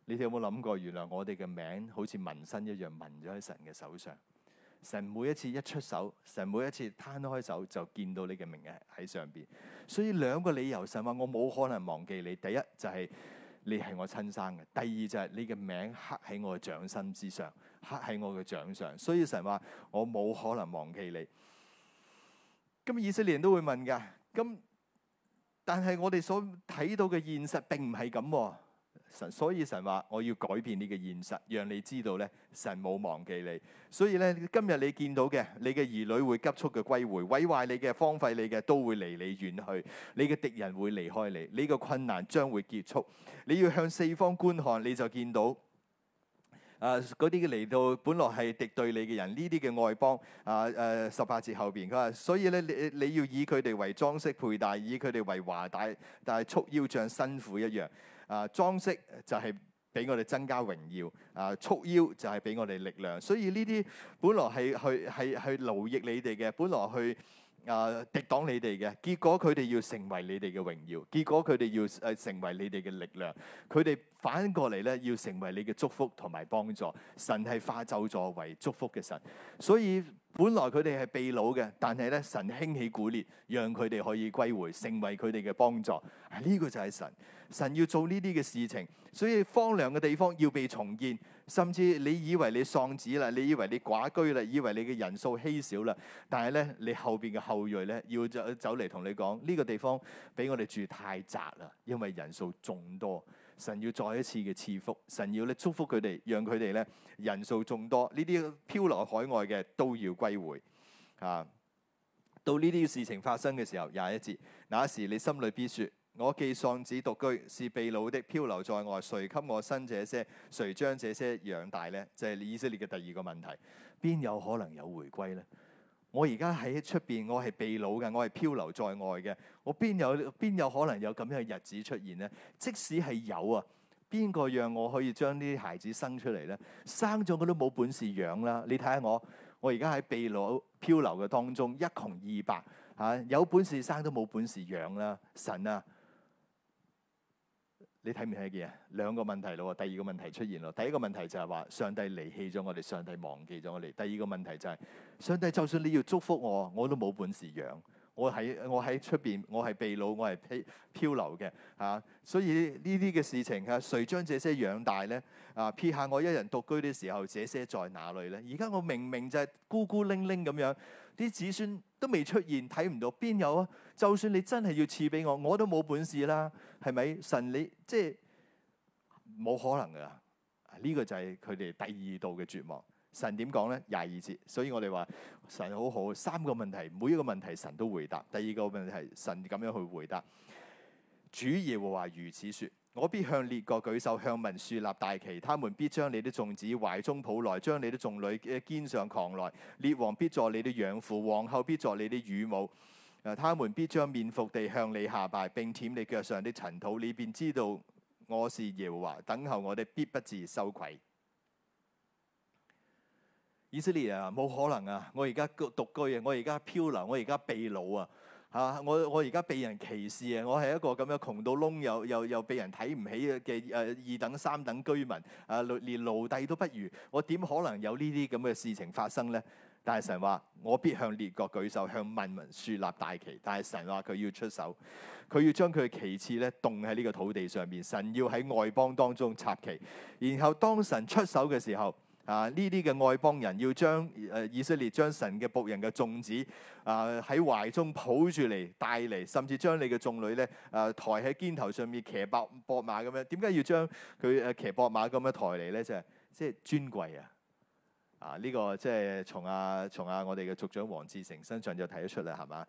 你哋有冇諗過？原來我哋嘅名好似紋身一樣紋咗喺神嘅手上。神每一次一出手，神每一次攤開手就見到你嘅名喺上邊。所以兩個理由，神話我冇可能忘記你。第一就係，是。你係我親生嘅。第二就係你嘅名刻喺我嘅掌心之上，刻喺我嘅掌上。所以成日話我冇可能忘記你。咁以色列人都會問㗎。咁，但係我哋所睇到嘅現實並唔係咁。所以神話，我要改變呢個現實，讓你知道咧，神冇忘記你。所以咧，今日你見到嘅，你嘅兒女會急速嘅歸回，毀壞你嘅、荒廢你嘅都會離你遠去。你嘅敵人會離開你，你嘅困難將會結束。你要向四方觀看，你就見到啊，嗰啲嚟到本來係敵對你嘅人，呢啲嘅外邦啊，誒十八節後邊佢話，所以咧，你你要以佢哋為裝飾佩戴，以佢哋為華帶，但係束腰像新婦一樣。啊！裝飾就係俾我哋增加榮耀，啊！束腰就係俾我哋力量，所以呢啲本來係去係去勞役你哋嘅，本來去啊敵擋你哋嘅，結果佢哋要成為你哋嘅榮耀，結果佢哋要誒、啊、成為你哋嘅力量，佢哋反過嚟咧要成為你嘅祝福同埋幫助。神係化咒詛為祝福嘅神，所以。本來佢哋係被擄嘅，但係咧神興起鼓烈，讓佢哋可以歸回，成為佢哋嘅幫助。呢、啊呢個就係神，神要做呢啲嘅事情。所以荒涼嘅地方要被重建，甚至你以為你喪子啦，你以為你寡居啦，以為你嘅人數稀少啦，但係咧你後邊嘅後裔咧要就走嚟同你講，呢、呢個地方俾我哋住太窄啦，因為人數眾多。神要再一次嘅賜福，神要咧祝福佢哋，讓佢哋咧人數眾多。呢啲漂流海外嘅都要歸回。啊，到呢啲事情發生嘅時候廿一節，那時你心裏必說：我既喪子獨居，是被擄的漂流在外，誰給我生這些？誰將這些養大呢？」就係、是、以色列嘅第二個問題，邊有可能有回歸呢？」我而家喺出邊，我係被擄嘅，我係漂流在外嘅，我邊有邊有可能有咁樣嘅日子出現咧？即使係有啊，邊個讓我可以將啲孩子生出嚟咧？生咗我都冇本事養啦！你睇下我，我而家喺被擄漂流嘅當中，一窮二白嚇、啊，有本事生都冇本事養啦，神啊！你睇唔睇見啊？兩個問題咯。第二個問題出現咯。第一個問題就係話上帝離棄咗我哋，上帝忘記咗我哋。第二個問題就係上帝，就算你要祝福我，我都冇本事養。我喺我喺出邊，我係秘魯，我係漂漂流嘅嚇、啊。所以呢啲嘅事情啊，誰將這些養大咧啊？撇下我一人獨居的時候，這些在哪裏咧？而家我明明就係孤孤零零咁樣。啲子孫都未出現，睇唔到邊有啊！就算你真係要賜俾我，我都冇本事啦，係咪？神你即係冇可能噶，呢個就係佢哋第二度嘅絕望。神點講咧？廿二節，所以我哋話神好好，三個問題，每一個問題神都回答。第二個問題，神咁樣去回答：主耶和華如此説。我必向列國舉手，向民豎立大旗，他們必將你的眾子懷中抱來，將你的眾女肩上扛來。列王必作你的養父，皇后必作你的乳母。他們必將面服地向你下拜，並舔你腳上的塵土。你便知道我是耶和華，等候我的必不至羞愧。以色列啊，冇可能啊！我而家獨居啊，我而家漂流，我而家被擄啊！嚇、啊！我我而家被人歧視啊！我係一個咁樣窮到窿又又又被人睇唔起嘅誒二等三等居民啊，連奴隸都不如。我點可能有呢啲咁嘅事情發生咧？大神話我必向列國舉手，向萬民樹立大旗。大神話佢要出手，佢要將佢嘅旗幟咧棟喺呢個土地上面。神要喺外邦當中插旗，然後當神出手嘅時候。啊！呢啲嘅外邦人要將誒、呃、以色列將神嘅僕人嘅眾子啊喺懷中抱住嚟帶嚟，甚至將你嘅眾女咧誒、啊、抬喺肩頭上面騎駁駁馬咁樣。點解要將佢誒騎駁馬咁樣抬嚟咧？就係、是、即係尊貴啊！啊呢、這個即係從阿、啊、從阿、啊、我哋嘅族長王志成身上就睇得出啦，係嘛？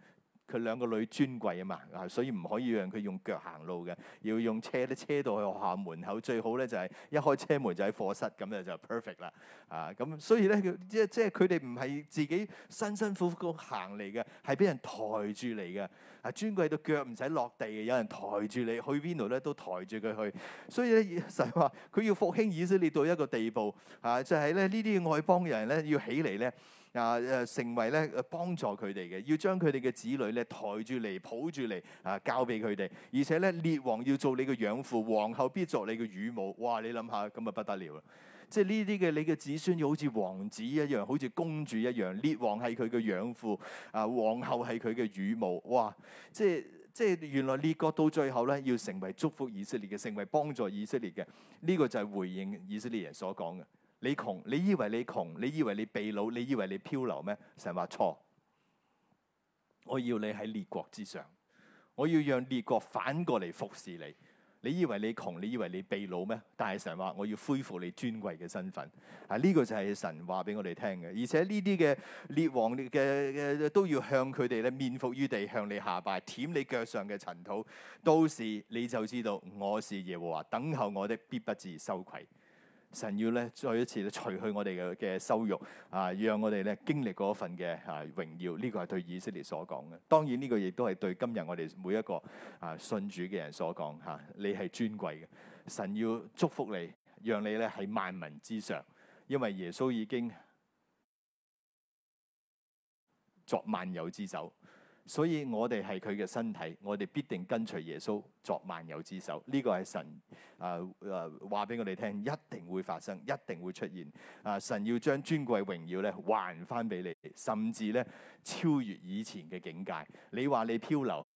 佢兩個女尊貴啊嘛，啊所以唔可以讓佢用腳行路嘅，要用車咧車到去學校門口，最好咧就係一開車門就喺課室咁樣就 perfect 啦，啊咁所以咧佢即即係佢哋唔係自己辛辛苦苦行嚟嘅，係俾人抬住嚟嘅，啊尊貴到腳唔使落地嘅，有人抬住你去邊度咧都抬住佢去，所以咧實話佢要復興以色列到一個地步，啊即係咧呢啲外邦人咧要起嚟咧。啊！誒成為咧，幫助佢哋嘅，要將佢哋嘅子女咧抬住嚟，抱住嚟，啊交俾佢哋。而且咧，列王要做你嘅養父，皇后必作你嘅乳母。哇！你諗下，咁咪不得了啦！即係呢啲嘅你嘅子孫，要好似王子一樣，好似公主一樣。列王係佢嘅養父，啊皇后係佢嘅乳母。哇！即係即係原來列國到最後咧，要成為祝福以色列嘅，成為幫助以色列嘅。呢個就係回應以色列人所講嘅。你窮，你以為你窮，你以為你避老，你以為你漂流咩？神話錯。我要你喺列國之上，我要讓列國反過嚟服侍你。你以為你窮，你以為你避老咩？但係神話，我要恢復你尊貴嘅身份。啊，呢、這個就係神話俾我哋聽嘅。而且呢啲嘅列王、嘅嘅都要向佢哋咧面伏於地，向你下拜，舔你腳上嘅塵土。到時你就知道我是耶和華，等候我的必不至羞愧。神要咧再一次咧除去我哋嘅羞辱，啊，讓我哋咧經歷嗰一份嘅啊榮耀，呢個係對以色列所講嘅。當然呢個亦都係對今日我哋每一個啊信主嘅人所講吓，你係尊貴嘅，神要祝福你，讓你咧喺萬民之上，因為耶穌已經作萬有之首。所以我哋係佢嘅身體，我哋必定跟隨耶穌作萬有之首。呢、這個係神啊啊話俾我哋聽，一定會發生，一定會出現。啊、呃，神要將尊貴榮耀咧還翻俾你，甚至咧超越以前嘅境界。你話你漂流，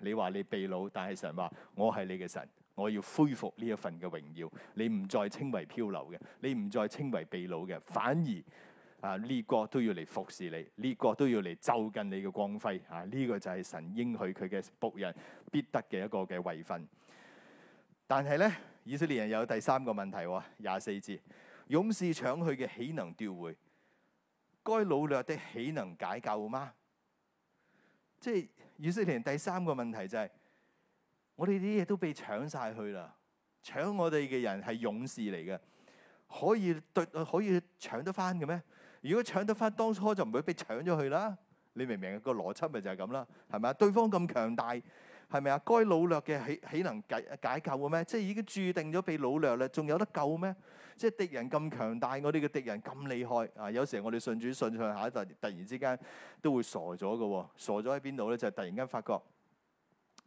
你話你被擄，但係神話我係你嘅神，我要恢復呢一份嘅榮耀。你唔再稱為漂流嘅，你唔再稱為被擄嘅，反而。啊！呢個都要嚟服侍你，呢個都要嚟就近你嘅光輝。啊！呢、這個就係神應許佢嘅僕人必得嘅一個嘅位份。但係咧，以色列人有第三個問題喎、哦，廿四節：勇士搶去嘅，豈能奪回？該擄掠的，豈能解救嗎？即係以色列人第三個問題就係、是：我哋啲嘢都被搶晒去啦，搶我哋嘅人係勇士嚟嘅，可以奪可以搶得翻嘅咩？如果搶得翻當初，就唔會被搶咗去啦。你明唔明啊？個邏輯咪就係咁啦，係咪啊？對方咁強大，係咪啊？該擄掠嘅，豈豈能解解救嘅咩？即係已經註定咗被擄掠啦，仲有得救咩？即係敵人咁強大，我哋嘅敵人咁厲害啊！有時我哋順轉順轉下，突突然之間都會傻咗嘅喎，傻咗喺邊度咧？就係突然間發覺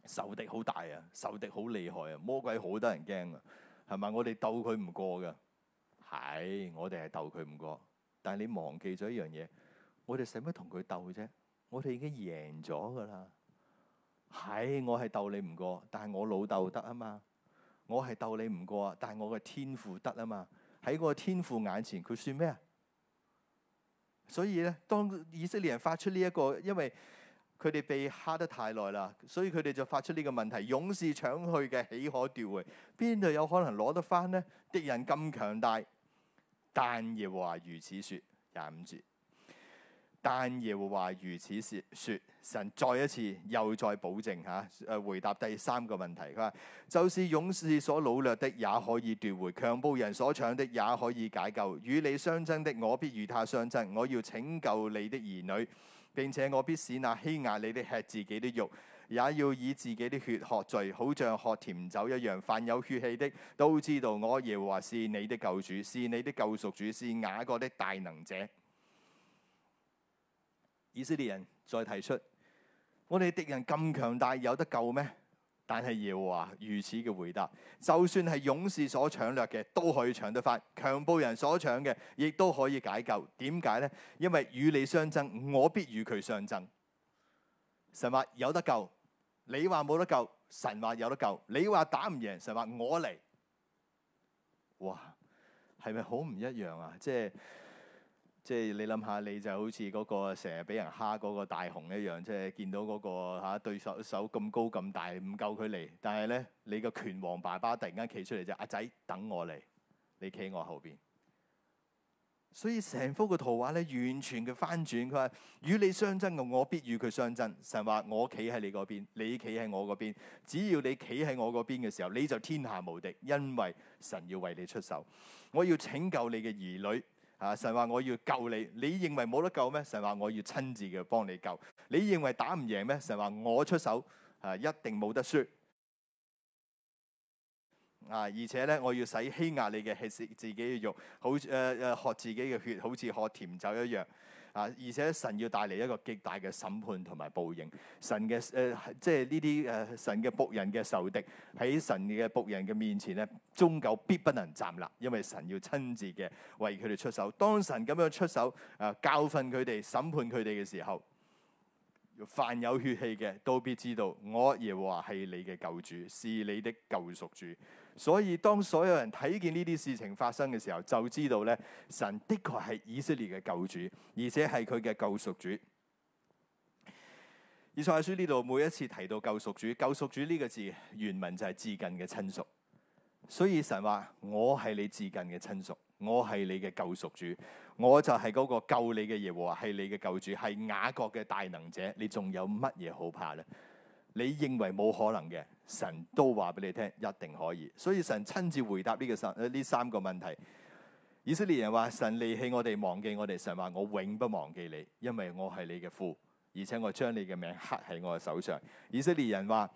仇敵好大啊，仇敵好厲害啊，魔鬼好得人驚啊，係咪？我哋鬥佢唔過嘅，係我哋係鬥佢唔過。但係你忘記咗一樣嘢，我哋使乜同佢鬥啫？我哋已經贏咗噶啦。係，我係鬥你唔過，但係我老竇得啊嘛。我係鬥你唔過，但係我嘅天父得啊嘛。喺嗰個天父眼前，佢算咩啊？所以咧，當以色列人發出呢、這、一個，因為佢哋被蝦得太耐啦，所以佢哋就發出呢個問題：勇士搶去嘅，豈可奪回？邊度有可能攞得翻呢？敵人咁強大。但耶和華如此說，廿五節。但耶和華如此說，神再一次又再保證吓，誒、啊、回答第三個問題，佢話：就是勇士所擄掠的也可以奪回，強暴人所搶的也可以解救，與你相爭的我必與他相爭，我要拯救你的兒女，並且我必使那欺壓你的吃自己的肉。也要以自己的血喝醉，好像喝甜酒一樣。凡有血氣的，都知道我耶和華是你的救主，是你的救贖主，是雅各的大能者。以色列人再提出：我哋敵人咁強大，有得救咩？但係耶和華如此嘅回答：就算係勇士所搶掠嘅，都可以搶得翻；強暴人所搶嘅，亦都可以解救。點解呢？因為與你相爭，我必與佢相爭。神話有得救。你話冇得救，神話有得救。你話打唔贏，神話我嚟。哇，係咪好唔一樣啊？即係即係你諗下，你就好似嗰個成日俾人蝦嗰個大雄一樣，即係見到嗰個嚇對手手咁高咁大，唔夠佢嚟，但係咧你個拳王爸爸突然間企出嚟，就阿仔等我嚟，你企我後邊。所以成幅嘅圖畫咧，完全嘅翻轉。佢話與你相爭嘅我必與佢相爭。神話我企喺你嗰邊，你企喺我嗰邊。只要你企喺我嗰邊嘅時候，你就天下無敵，因為神要為你出手。我要拯救你嘅兒女啊！神話我要救你，你認為冇得救咩？神話我要親自嘅幫你救，你認為打唔贏咩？神話我出手啊，一定冇得輸。啊！而且咧，我要使欺壓你嘅吃食自己嘅肉，好誒誒、呃，喝自己嘅血，好似喝甜酒一樣啊！而且神要帶嚟一個極大嘅審判同埋報應。神嘅誒、呃，即係呢啲誒神嘅僕人嘅仇敵，喺神嘅僕人嘅面前咧，終究必不能站立，因為神要親自嘅為佢哋出手。當神咁樣出手啊、呃，教訓佢哋審判佢哋嘅時候，凡有血氣嘅都必知道，我耶和華係你嘅救主，是你的救贖主。所以當所有人睇見呢啲事情發生嘅時候，就知道咧，神的確係以色列嘅救主，而且係佢嘅救贖主。以賽亞書呢度每一次提到救贖主，救贖主呢個字原文就係至近嘅親屬。所以神話，我係你至近嘅親屬，我係你嘅救贖主，我就係嗰個救你嘅耶和華，係你嘅救主，係雅各嘅大能者，你仲有乜嘢好怕呢？你認為冇可能嘅？神都話俾你聽，一定可以。所以神親自回答呢個三誒，呢三個問題。以色列人話神離棄我哋，忘記我哋。神話我永不忘記你，因為我係你嘅父，而且我將你嘅名刻喺我嘅手上。以色列人話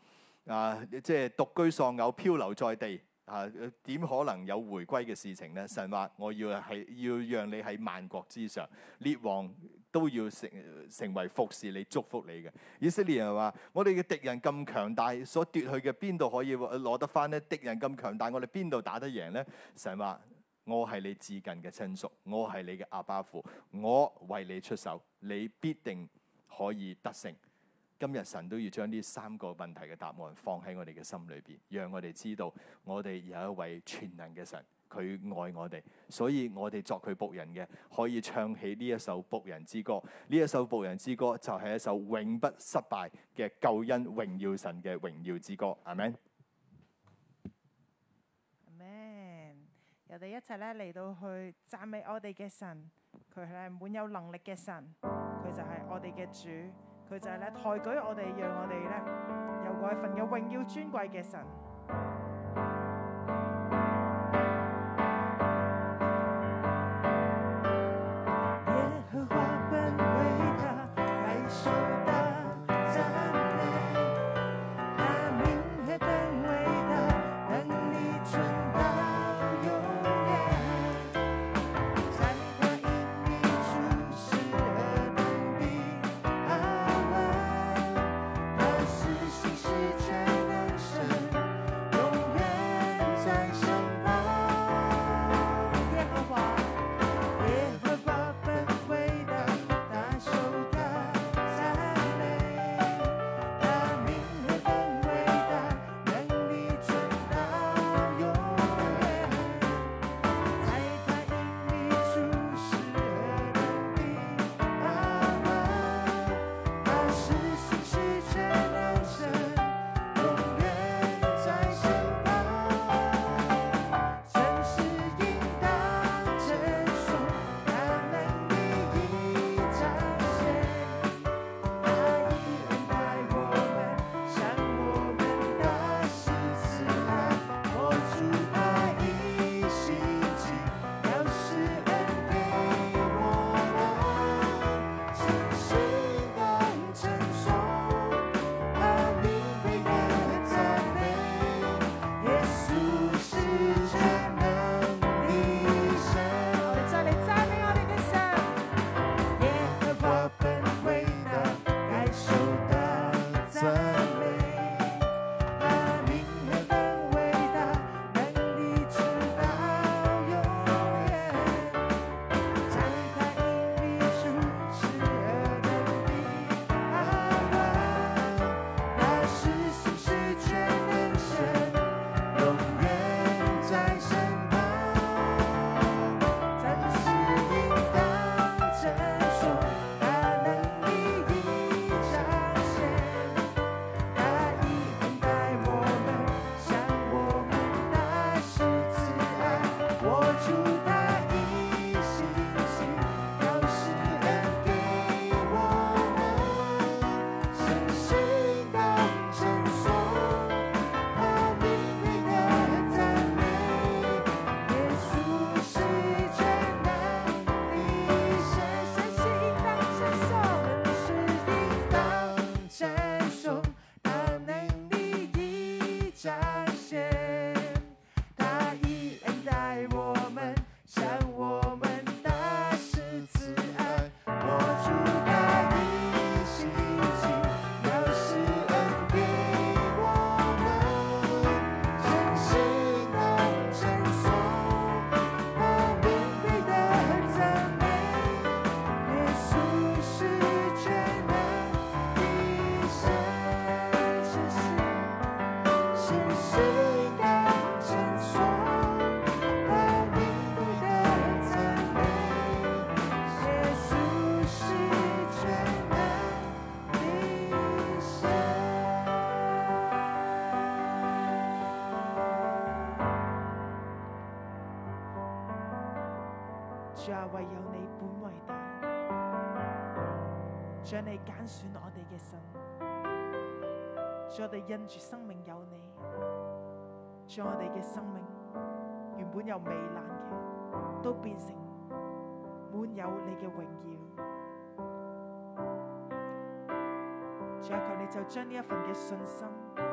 啊，即係獨居喪偶，漂流在地。嚇，點、啊、可能有回歸嘅事情呢？神話我要係要讓你喺萬國之上，列王都要成成為服侍你、祝福你嘅。以色列人話：「我哋嘅敵人咁強大，所奪去嘅邊度可以攞得返呢？敵人咁強大，我哋邊度打得贏呢？」神話我係你至近嘅親屬，我係你嘅阿巴父，我為你出手，你必定可以得勝。今日神都要將呢三個問題嘅答案放喺我哋嘅心裏邊，讓我哋知道我哋有一位全能嘅神，佢愛我哋，所以我哋作佢僕人嘅，可以唱起呢一首僕人之歌。呢一首僕人之歌就係一首永不失敗嘅救恩榮耀神嘅榮耀之歌。阿門。阿門。我哋一齊咧嚟到去讚美我哋嘅神，佢係滿有能力嘅神，佢就係我哋嘅主。佢就係咧抬舉我哋，讓我哋咧有嗰一份嘅榮耀尊貴嘅神。就唯有你本為大，將你揀選我哋嘅神，將我哋印住生命有你，將我哋嘅生命原本由糜爛嘅，都變成滿有你嘅榮耀。最後求你就將呢一份嘅信心。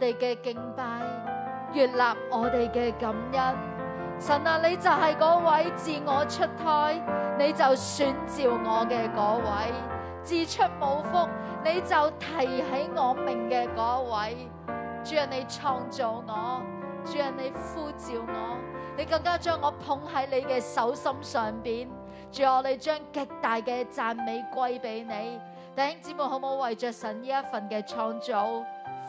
我哋嘅敬拜，悅納我哋嘅感恩，神啊，你就係嗰位自我出胎，你就選召我嘅嗰位，自出母腹，你就提起我命嘅嗰位，主啊，你創造我，主啊，你呼召我，你更加將我捧喺你嘅手心上邊，主啊，我哋將極大嘅讚美歸俾你，弟兄姊妹，好唔好為着神呢一份嘅創造？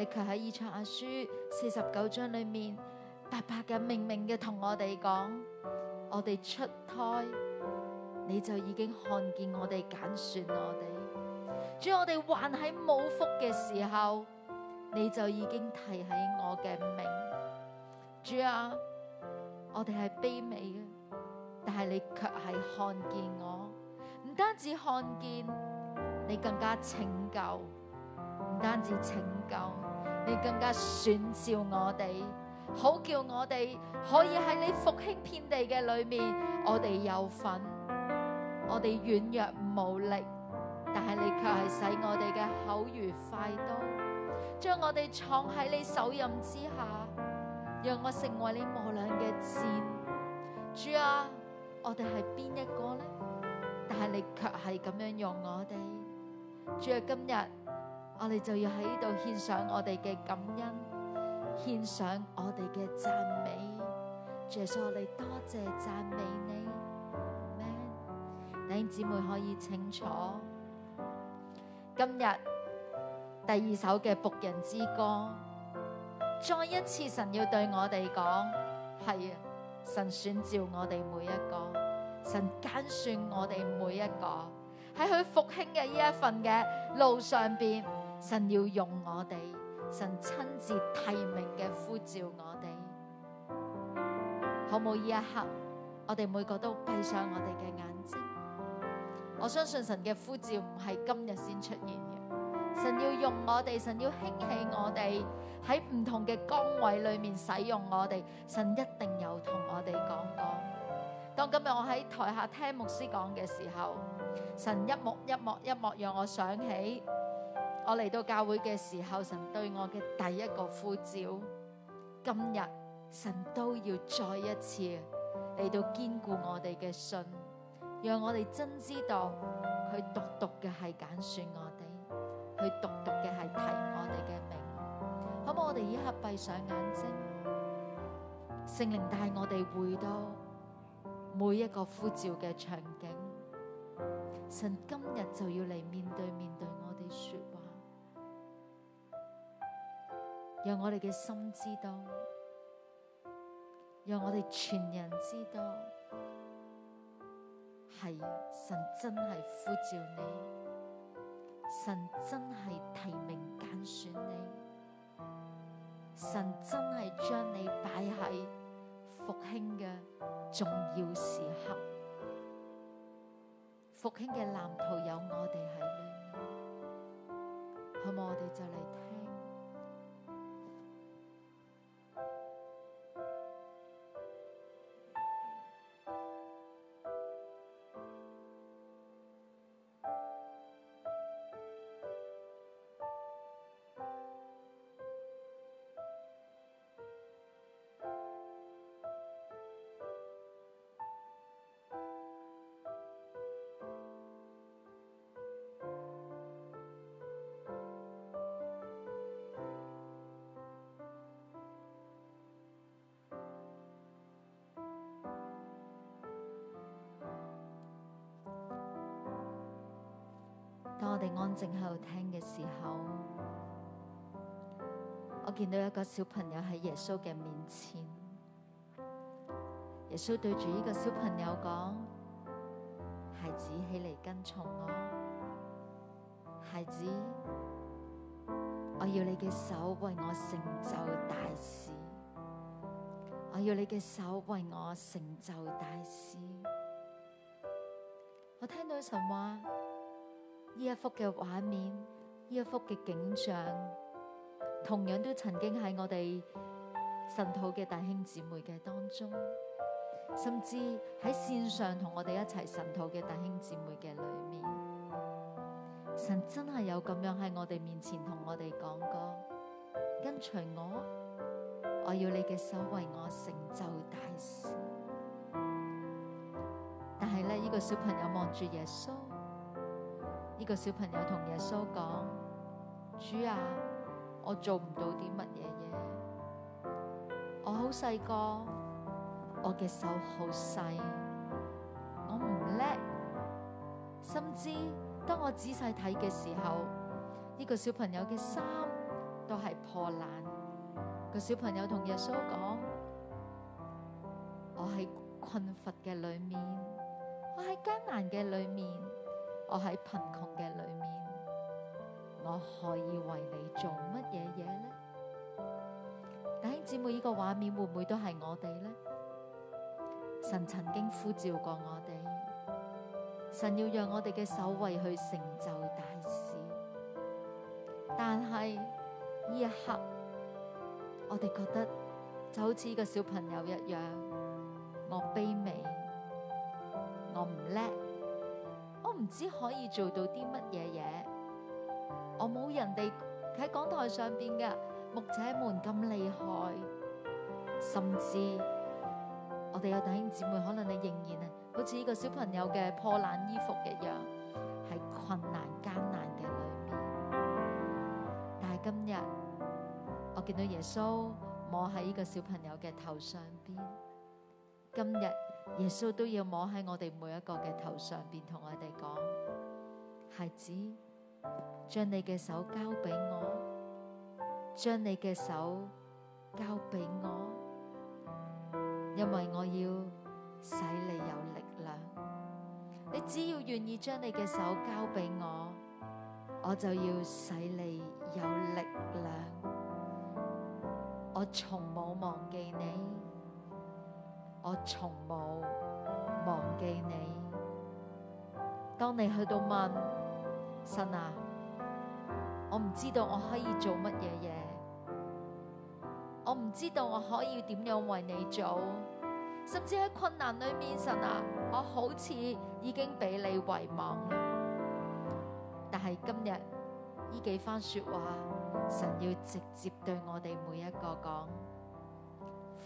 你卻喺以賽亞書四十九章裏面白白嘅明明嘅同我哋講，我哋出胎你就已經看見我哋揀選我哋，主我哋還喺冇福嘅時候，你就已經提起我嘅名，主啊，我哋係卑微嘅，但係你卻係看見我，唔單止看見，你更加拯救，唔單止拯救。你更加選召我哋，好叫我哋可以喺你復興遍地嘅裏面，我哋有份。我哋軟弱無力，但係你卻係使我哋嘅口如快刀，將我哋藏喺你手蔭之下，讓我成為你磨亮嘅箭。主啊，我哋係邊一個咧？但係你卻係咁樣用我哋。主啊，今日。我哋就要喺呢度獻上我哋嘅感恩，獻上我哋嘅讚美，耶穌，我哋多謝讚美你。等姊 Man, 妹可以清楚，今日第二首嘅僕人之歌，再一次神要對我哋講，係啊，神選召我哋每一個，神揀算我哋每一個，喺佢復興嘅呢一份嘅路上邊。神要用我哋，神親自提名嘅呼召我哋，好冇呢一刻，我哋每個都閉上我哋嘅眼睛。我相信神嘅呼召唔係今日先出現嘅，神要用我哋，神要興起我哋喺唔同嘅崗位裏面使用我哋，神一定有同我哋講過。當今日我喺台下聽牧師講嘅時候，神一幕一幕一幕讓我想起。我嚟到教會嘅時候，神對我嘅第一個呼召，今日神都要再一次嚟到堅固我哋嘅信，讓我哋真知道佢獨獨嘅係揀選我哋，佢獨獨嘅係提我哋嘅名，好唔好？我哋一刻閉上眼睛，聖靈帶我哋回到每一個呼召嘅場景，神今日就要嚟面對面對讓我哋嘅心知道，讓我哋全人知道，係神真係呼召你，神真係提名揀選你，神真係將你擺喺復興嘅重要時刻，復興嘅藍圖有我哋喺裏面，好唔好？我哋就嚟聽我哋安靜喺度聽嘅時候，我見到一個小朋友喺耶穌嘅面前。耶穌對住呢個小朋友講：「孩子，起嚟跟從我。孩子，我要你嘅手為我成就大事。我要你嘅手為我成就大事。我聽到神話。呢一幅嘅畫面，呢一幅嘅景象，同樣都曾經喺我哋神土嘅弟兄姊妹嘅當中，甚至喺線上同我哋一齊神土嘅弟兄姊妹嘅裏面，神真係有咁樣喺我哋面前同我哋講過：跟隨我，我要你嘅手為我成就大事。但係呢，呢、呢個小朋友望住耶穌。呢個小朋友同耶穌講：主啊，我做唔到啲乜嘢嘢，我好細個，我嘅手好細，我唔叻。甚至當我仔細睇嘅時候，呢、呢個小朋友嘅衫都係破爛。呢個小朋友同耶穌講：我喺困乏嘅裏面，我喺艱難嘅裏面。我喺貧窮嘅裏面，我可以為你做乜嘢嘢呢？弟兄姊妹，呢個畫面會唔會都係我哋呢？神曾經呼召過我哋，神要讓我哋嘅守衛去成就大事，但係呢一刻，我哋覺得就好似呢個小朋友一樣，我卑微，我唔叻。唔知可以做到啲乜嘢嘢，我冇人哋喺講台上邊嘅牧者們咁厲害，甚至我哋有弟兄姊妹，可能你仍然啊，好似呢個小朋友嘅破爛衣服一樣，係困難艱難嘅裏面。但係今日我見到耶穌摸喺呢個小朋友嘅頭上邊，今日。耶穌都要摸喺我哋每一個嘅頭上邊，同我哋講：孩子，將你嘅手交俾我，將你嘅手交俾我，因為我要使你有力量。你只要願意將你嘅手交俾我，我就要使你有力量。我從冇忘記你。我從冇忘記你。當你去到問神啊，我唔知道我可以做乜嘢嘢，我唔知道我可以點樣為你做，甚至喺困難裏面，神啊，我好似已經俾你遺忘。但係今日呢幾番說話，神要直接對我哋每一個講。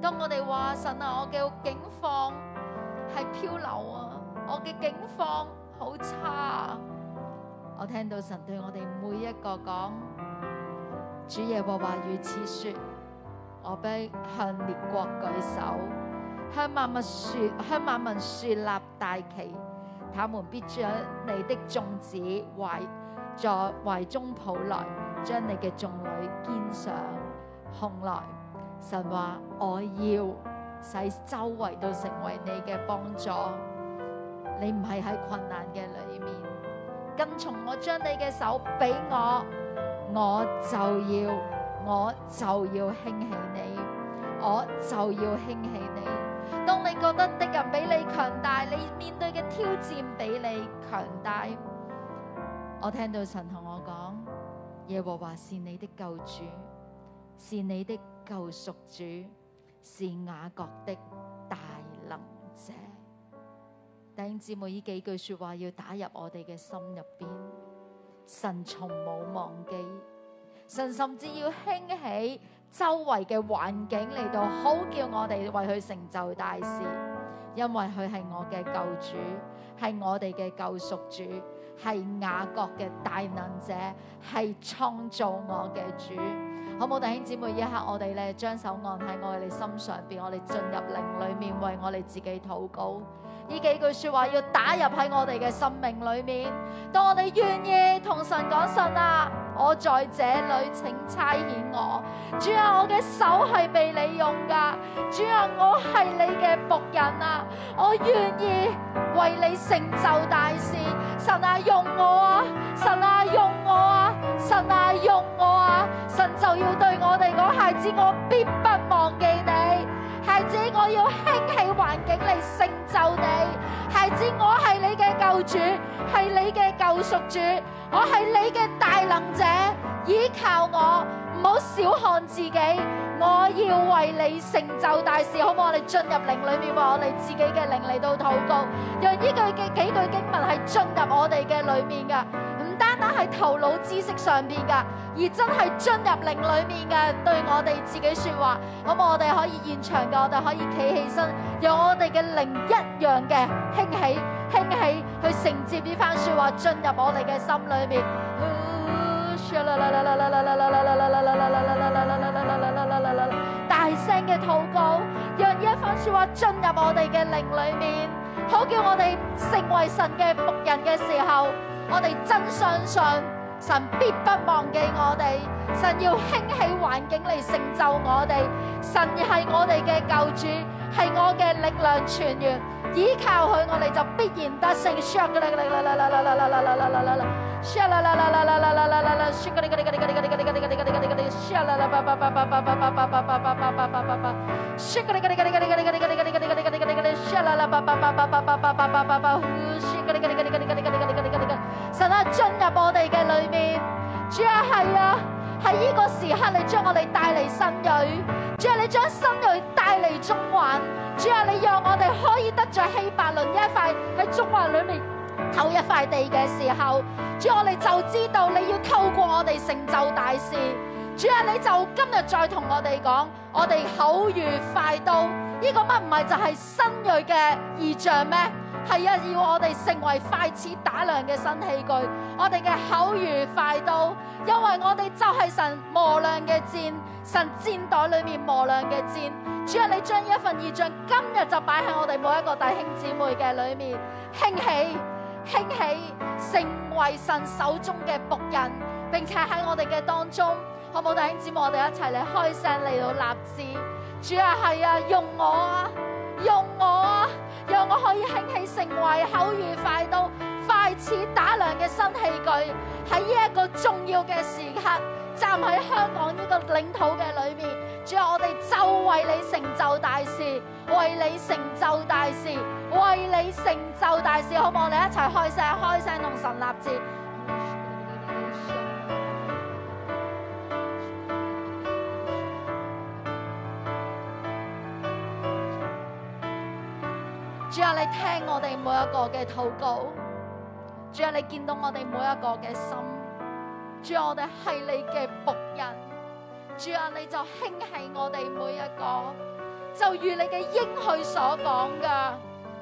當我哋話神啊，我嘅境況係漂流啊，我嘅境況好差、啊、我聽到神對我哋每一個講，嗯、主耶和華如此說：我必向列國舉手，向萬民說，向萬民豎立大旗，他們必將你的眾子懷在懷中抱來，將你嘅眾女肩上扛來。神話我要使周圍都成為你嘅幫助，你唔係喺困難嘅裏面，跟從我將你嘅手俾我，我就要我就要興起你，我就要興起你。當你覺得敵人比你強大，你面對嘅挑戰比你強大，我聽到神同我講，耶和華是你的救主，是你的。救贖主是雅各的大能者，弟兄姊妹，呢幾句說話要打入我哋嘅心入邊。神從冇忘記，神甚至要興起周圍嘅環境嚟到，好叫我哋為佢成就大事。因為佢係我嘅救主，係我哋嘅救贖主，係雅各嘅大能者，係創造我嘅主。好冇弟兄姊妹？一刻我哋咧，將手按喺我哋心上邊，我哋進入靈裏面，為我哋自己禱告。呢幾句說話要打入喺我哋嘅生命裏面。當我哋願意同神講：神啊，我在這裏，請差遣我。主啊，我嘅手係被你用噶。主啊，我係你嘅僕人啊，我願意為你成就大事。神啊，用我啊！神啊，用我啊！神啊，用我啊！神就要對我哋講：孩子，我必不忘記你。孩子，我要興起環境嚟成就你。孩子，我係你嘅救主，係你嘅救贖主，我係你嘅大能者，依靠我。唔好小看自己，我要為你成就大事，好唔好？我哋進入靈裏面，我哋自己嘅靈嚟到禱告，讓呢句嘅幾句經文係進入我哋嘅裏面噶，唔單單係頭腦知識上面噶，而真係進入靈裏面嘅，對我哋自己說話，咁我哋可以現場嘅，我哋可以企起身，讓我哋嘅靈一樣嘅興起，興起去承接呢番說話，進入我哋嘅心裏面。嘅禱告，讓呢一番說話進入我哋嘅靈裡面，好叫我哋成為神嘅僕人嘅時候，我哋真相信神必不忘記我哋，神要興起環境嚟成就我哋，神係我哋嘅救主，係我嘅力量泉源。依靠佢，我哋就必然得勝。進入我哋嘅裡面。喺呢個時刻，你將我哋帶嚟新蕊，主要你將新蕊帶嚟中環，主要你讓我哋可以得着希伯倫一塊喺中環裏面透一塊地嘅時候，主要我哋就知道你要透過我哋成就大事，主要你就今日再同我哋講，我哋口如快刀，呢、這個乜唔係就係新蕊嘅異象咩？係啊！要我哋成為快齒打糧嘅新器具，我哋嘅口如快刀，因為我哋就係神磨亮嘅箭，神箭袋裏面磨亮嘅箭。主啊，你將呢一份異象今日就擺喺我哋每一個弟兄姊妹嘅裏面，興起，興起，成為神手中嘅僕人，並且喺我哋嘅當中，好冇弟兄姊妹，我哋一齊嚟開聲嚟到立志。主啊，係啊，用我啊！用我，啊，讓我可以興起成為口如快刀、快似打量嘅新器具。喺呢一個重要嘅時刻，站喺香港呢個領土嘅裏面，主啊，我哋就為你成就大事，為你成就大事，為你成就大事，好唔好？你一齊開聲，開聲同神立志。主啊，你聽我哋每一個嘅禱告；主啊，你見到我哋每一個嘅心；主啊，我哋係你嘅僕人；主啊，你就興起我哋每一個；就如你嘅應許所講嘅；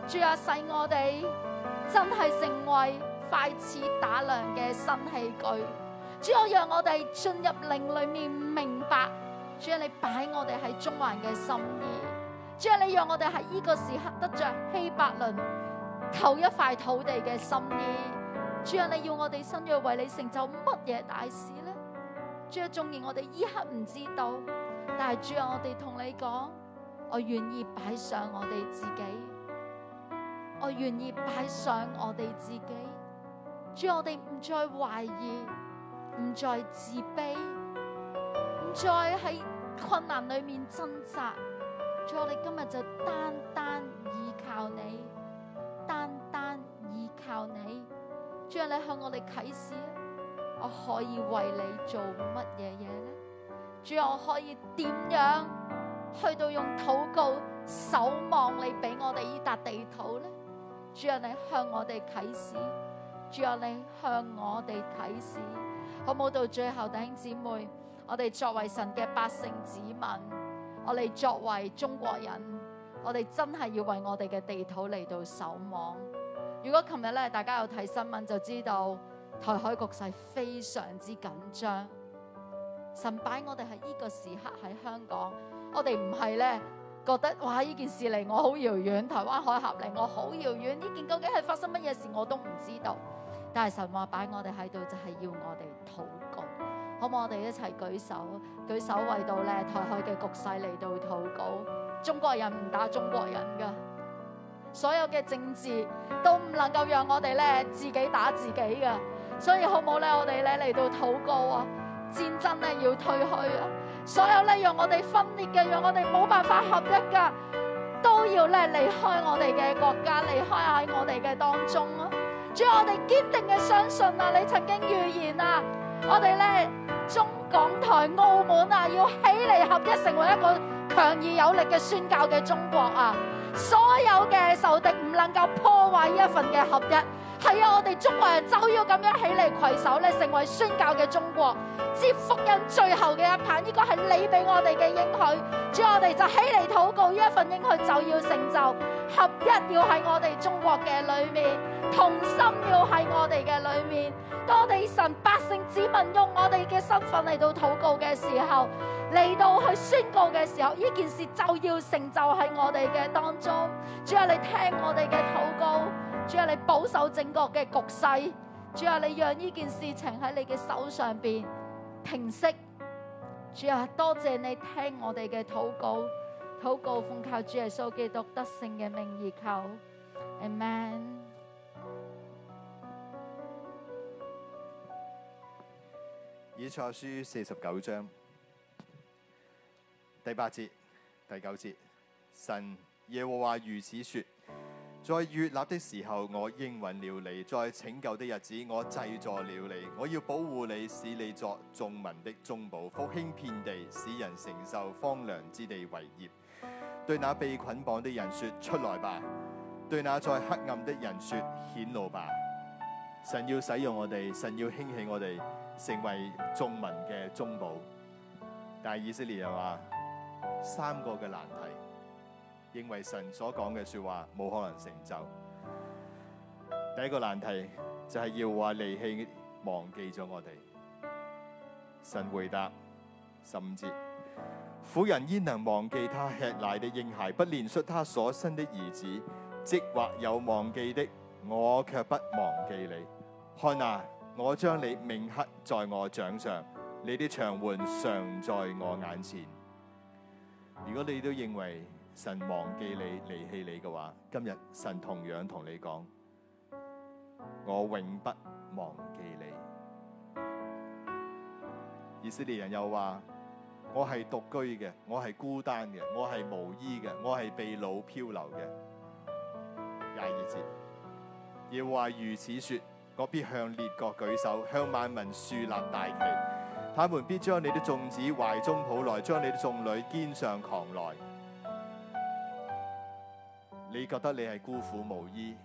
主啊，使我哋真係成為快似打量嘅新器具；主啊，讓我哋進入靈裏面明白；主啊，你擺我哋喺中環嘅心意。主啊！你讓我哋喺呢個時刻得着希伯倫求一塊土地嘅心意。主啊！你要我哋今日為你成就乜嘢大事呢？主啊！縱然我哋依刻唔知道，但係主啊！我哋同你講，我願意擺上我哋自己，我願意擺上我哋自己。主啊！我哋唔再懷疑，唔再自卑，唔再喺困難裏面掙扎。主啊，我哋今日就單單依靠你，單單依靠你。主啊，你向我哋啟示，我可以為你做乜嘢嘢咧？主啊，我可以點樣去到用禱告守望你俾我哋呢笪地土咧？主啊，你向我哋啟示，主啊，你向我哋啟示，好唔好？到最後，弟兄姊妹，我哋作為神嘅百姓子民。我哋作為中國人，我哋真係要為我哋嘅地土嚟到守望。如果琴日咧大家有睇新聞就知道，台海局勢非常之緊張。神擺我哋喺呢個時刻喺香港，我哋唔係咧覺得哇呢件事離我好遙遠，台灣海峽離我好遙遠，呢件究竟係發生乜嘢事我都唔知道。但係神話擺我哋喺度就係要我哋禱告。好唔好？我哋一齊舉手，舉手為到咧台海嘅局勢嚟到禱告。中國人唔打中國人噶，所有嘅政治都唔能夠讓我哋咧自己打自己噶。所以好唔好咧？我哋咧嚟到禱告啊！戰爭咧要退去啊！所有咧讓我哋分裂嘅、讓我哋冇辦法合一嘅，都要咧離開我哋嘅國家，離開喺我哋嘅當中啊。只要我哋堅定嘅相信啊，你曾經預言啊，我哋咧。中港台澳門啊，要起嚟合一，成為一個強而有力嘅宣教嘅中國啊！所有嘅仇敵唔能夠破壞呢一份嘅合一。係啊！我哋中國人就要咁樣起嚟攜手咧，成為宣教嘅中國，接福音最後嘅一棒。呢、這個係你俾我哋嘅應許，主要我哋就起嚟禱告，呢一份應許就要成就，合一要喺我哋中國嘅裏面，同心要喺我哋嘅裏面。當哋神百姓子民用我哋嘅身份嚟到禱告嘅時候，嚟到去宣告嘅時候，呢件事就要成就喺我哋嘅當中。主啊，你聽我哋嘅禱告。主啊，你保守整個嘅局勢；主啊，你讓呢件事情喺你嘅手上邊平息。主啊，多謝你聽我哋嘅禱告，禱告奉靠主耶穌基督得勝嘅名義求，阿門。以賽亞書四十九章第八節、第九節，神耶和華如此說。在悅納的時候，我應允了你；在拯救的日子，我濟助了你。我要保護你，使你作眾民的中保，復興遍地，使人承受荒涼之地為業。對那被捆綁的人說：出來吧！對那在黑暗的人說：顯露吧！神要使用我哋，神要興起我哋，成為眾民嘅中保。但係以色列又話：三個嘅難題。認為神所講嘅說話冇可能成就。第一個難題就係、是、要話離棄忘記咗我哋。神回答十五節：婦人焉能忘記他吃奶的嬰孩，不憐恤他所生的兒子？即或有忘記的，我卻不忘記你。看啊，我將你銘刻在我掌上，你的牆垣常在我眼前。如果你都認為，神忘記你、離棄你嘅話，今日神同樣同你講：我永不忘記你。以色列人又話：我係獨居嘅，我係孤單嘅，我係無依嘅，我係被擄漂流嘅。廿二節，要話如此說：我必向列國舉手，向萬民豎立大旗，他們必將你的眾子懷中抱來，將你的眾女肩上扛來。你覺得你係孤苦無依，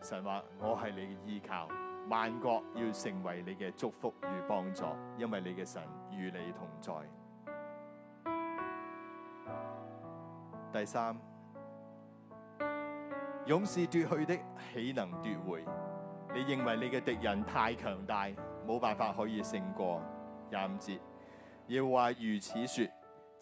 神話我係你嘅依靠，萬國要成為你嘅祝福與幫助，因為你嘅神與你同在。第三，勇士奪去的豈能奪回？你認為你嘅敵人太強大，冇辦法可以勝過。廿五節，要話如此說。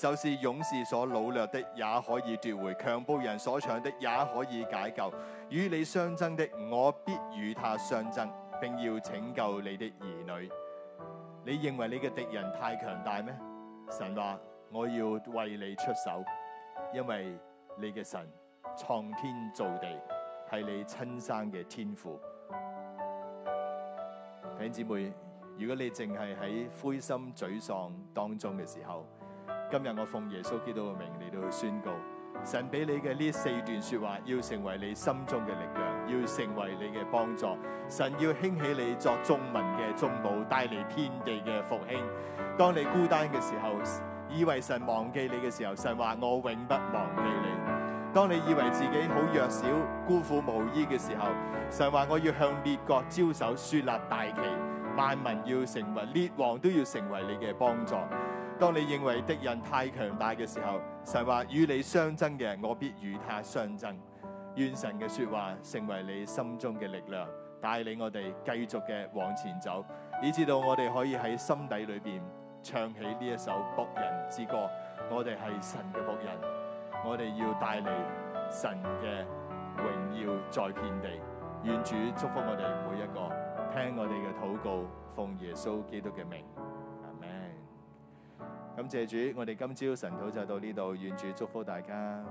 就是勇士所擄掠的也可以奪回，強暴人所搶的也可以解救。與你相爭的，我必與他相爭，並要拯救你的兒女。你認為你嘅敵人太強大咩？神話我要為你出手，因為你嘅神創天造地係你親生嘅天父。嗯、弟兄姊妹，如果你淨係喺灰心沮喪當中嘅時候，今日我奉耶穌基督嘅名你都去宣告，神俾你嘅呢四段說話，要成為你心中嘅力量，要成為你嘅幫助。神要興起你作眾民嘅中保，帶嚟天地嘅復興。當你孤單嘅時候，以為神忘記你嘅時候，神話我永不忘記你。當你以為自己好弱小，孤苦無依嘅時候，神話我要向列國招手，豎立大旗，萬民要成為列王，都要成為你嘅幫助。當你認為敵人太強大嘅時候，神話，與你相爭嘅，我必與他相爭。願神嘅說話成為你心中嘅力量，帶領我哋繼續嘅往前走，以至到我哋可以喺心底裏邊唱起呢一首僕人之歌。我哋係神嘅僕人，我哋要帶嚟神嘅榮耀在遍地。願主祝福我哋每一個，聽我哋嘅禱告，奉耶穌基督嘅名。感謝主，我哋今朝神土就到呢度，願主祝福大家。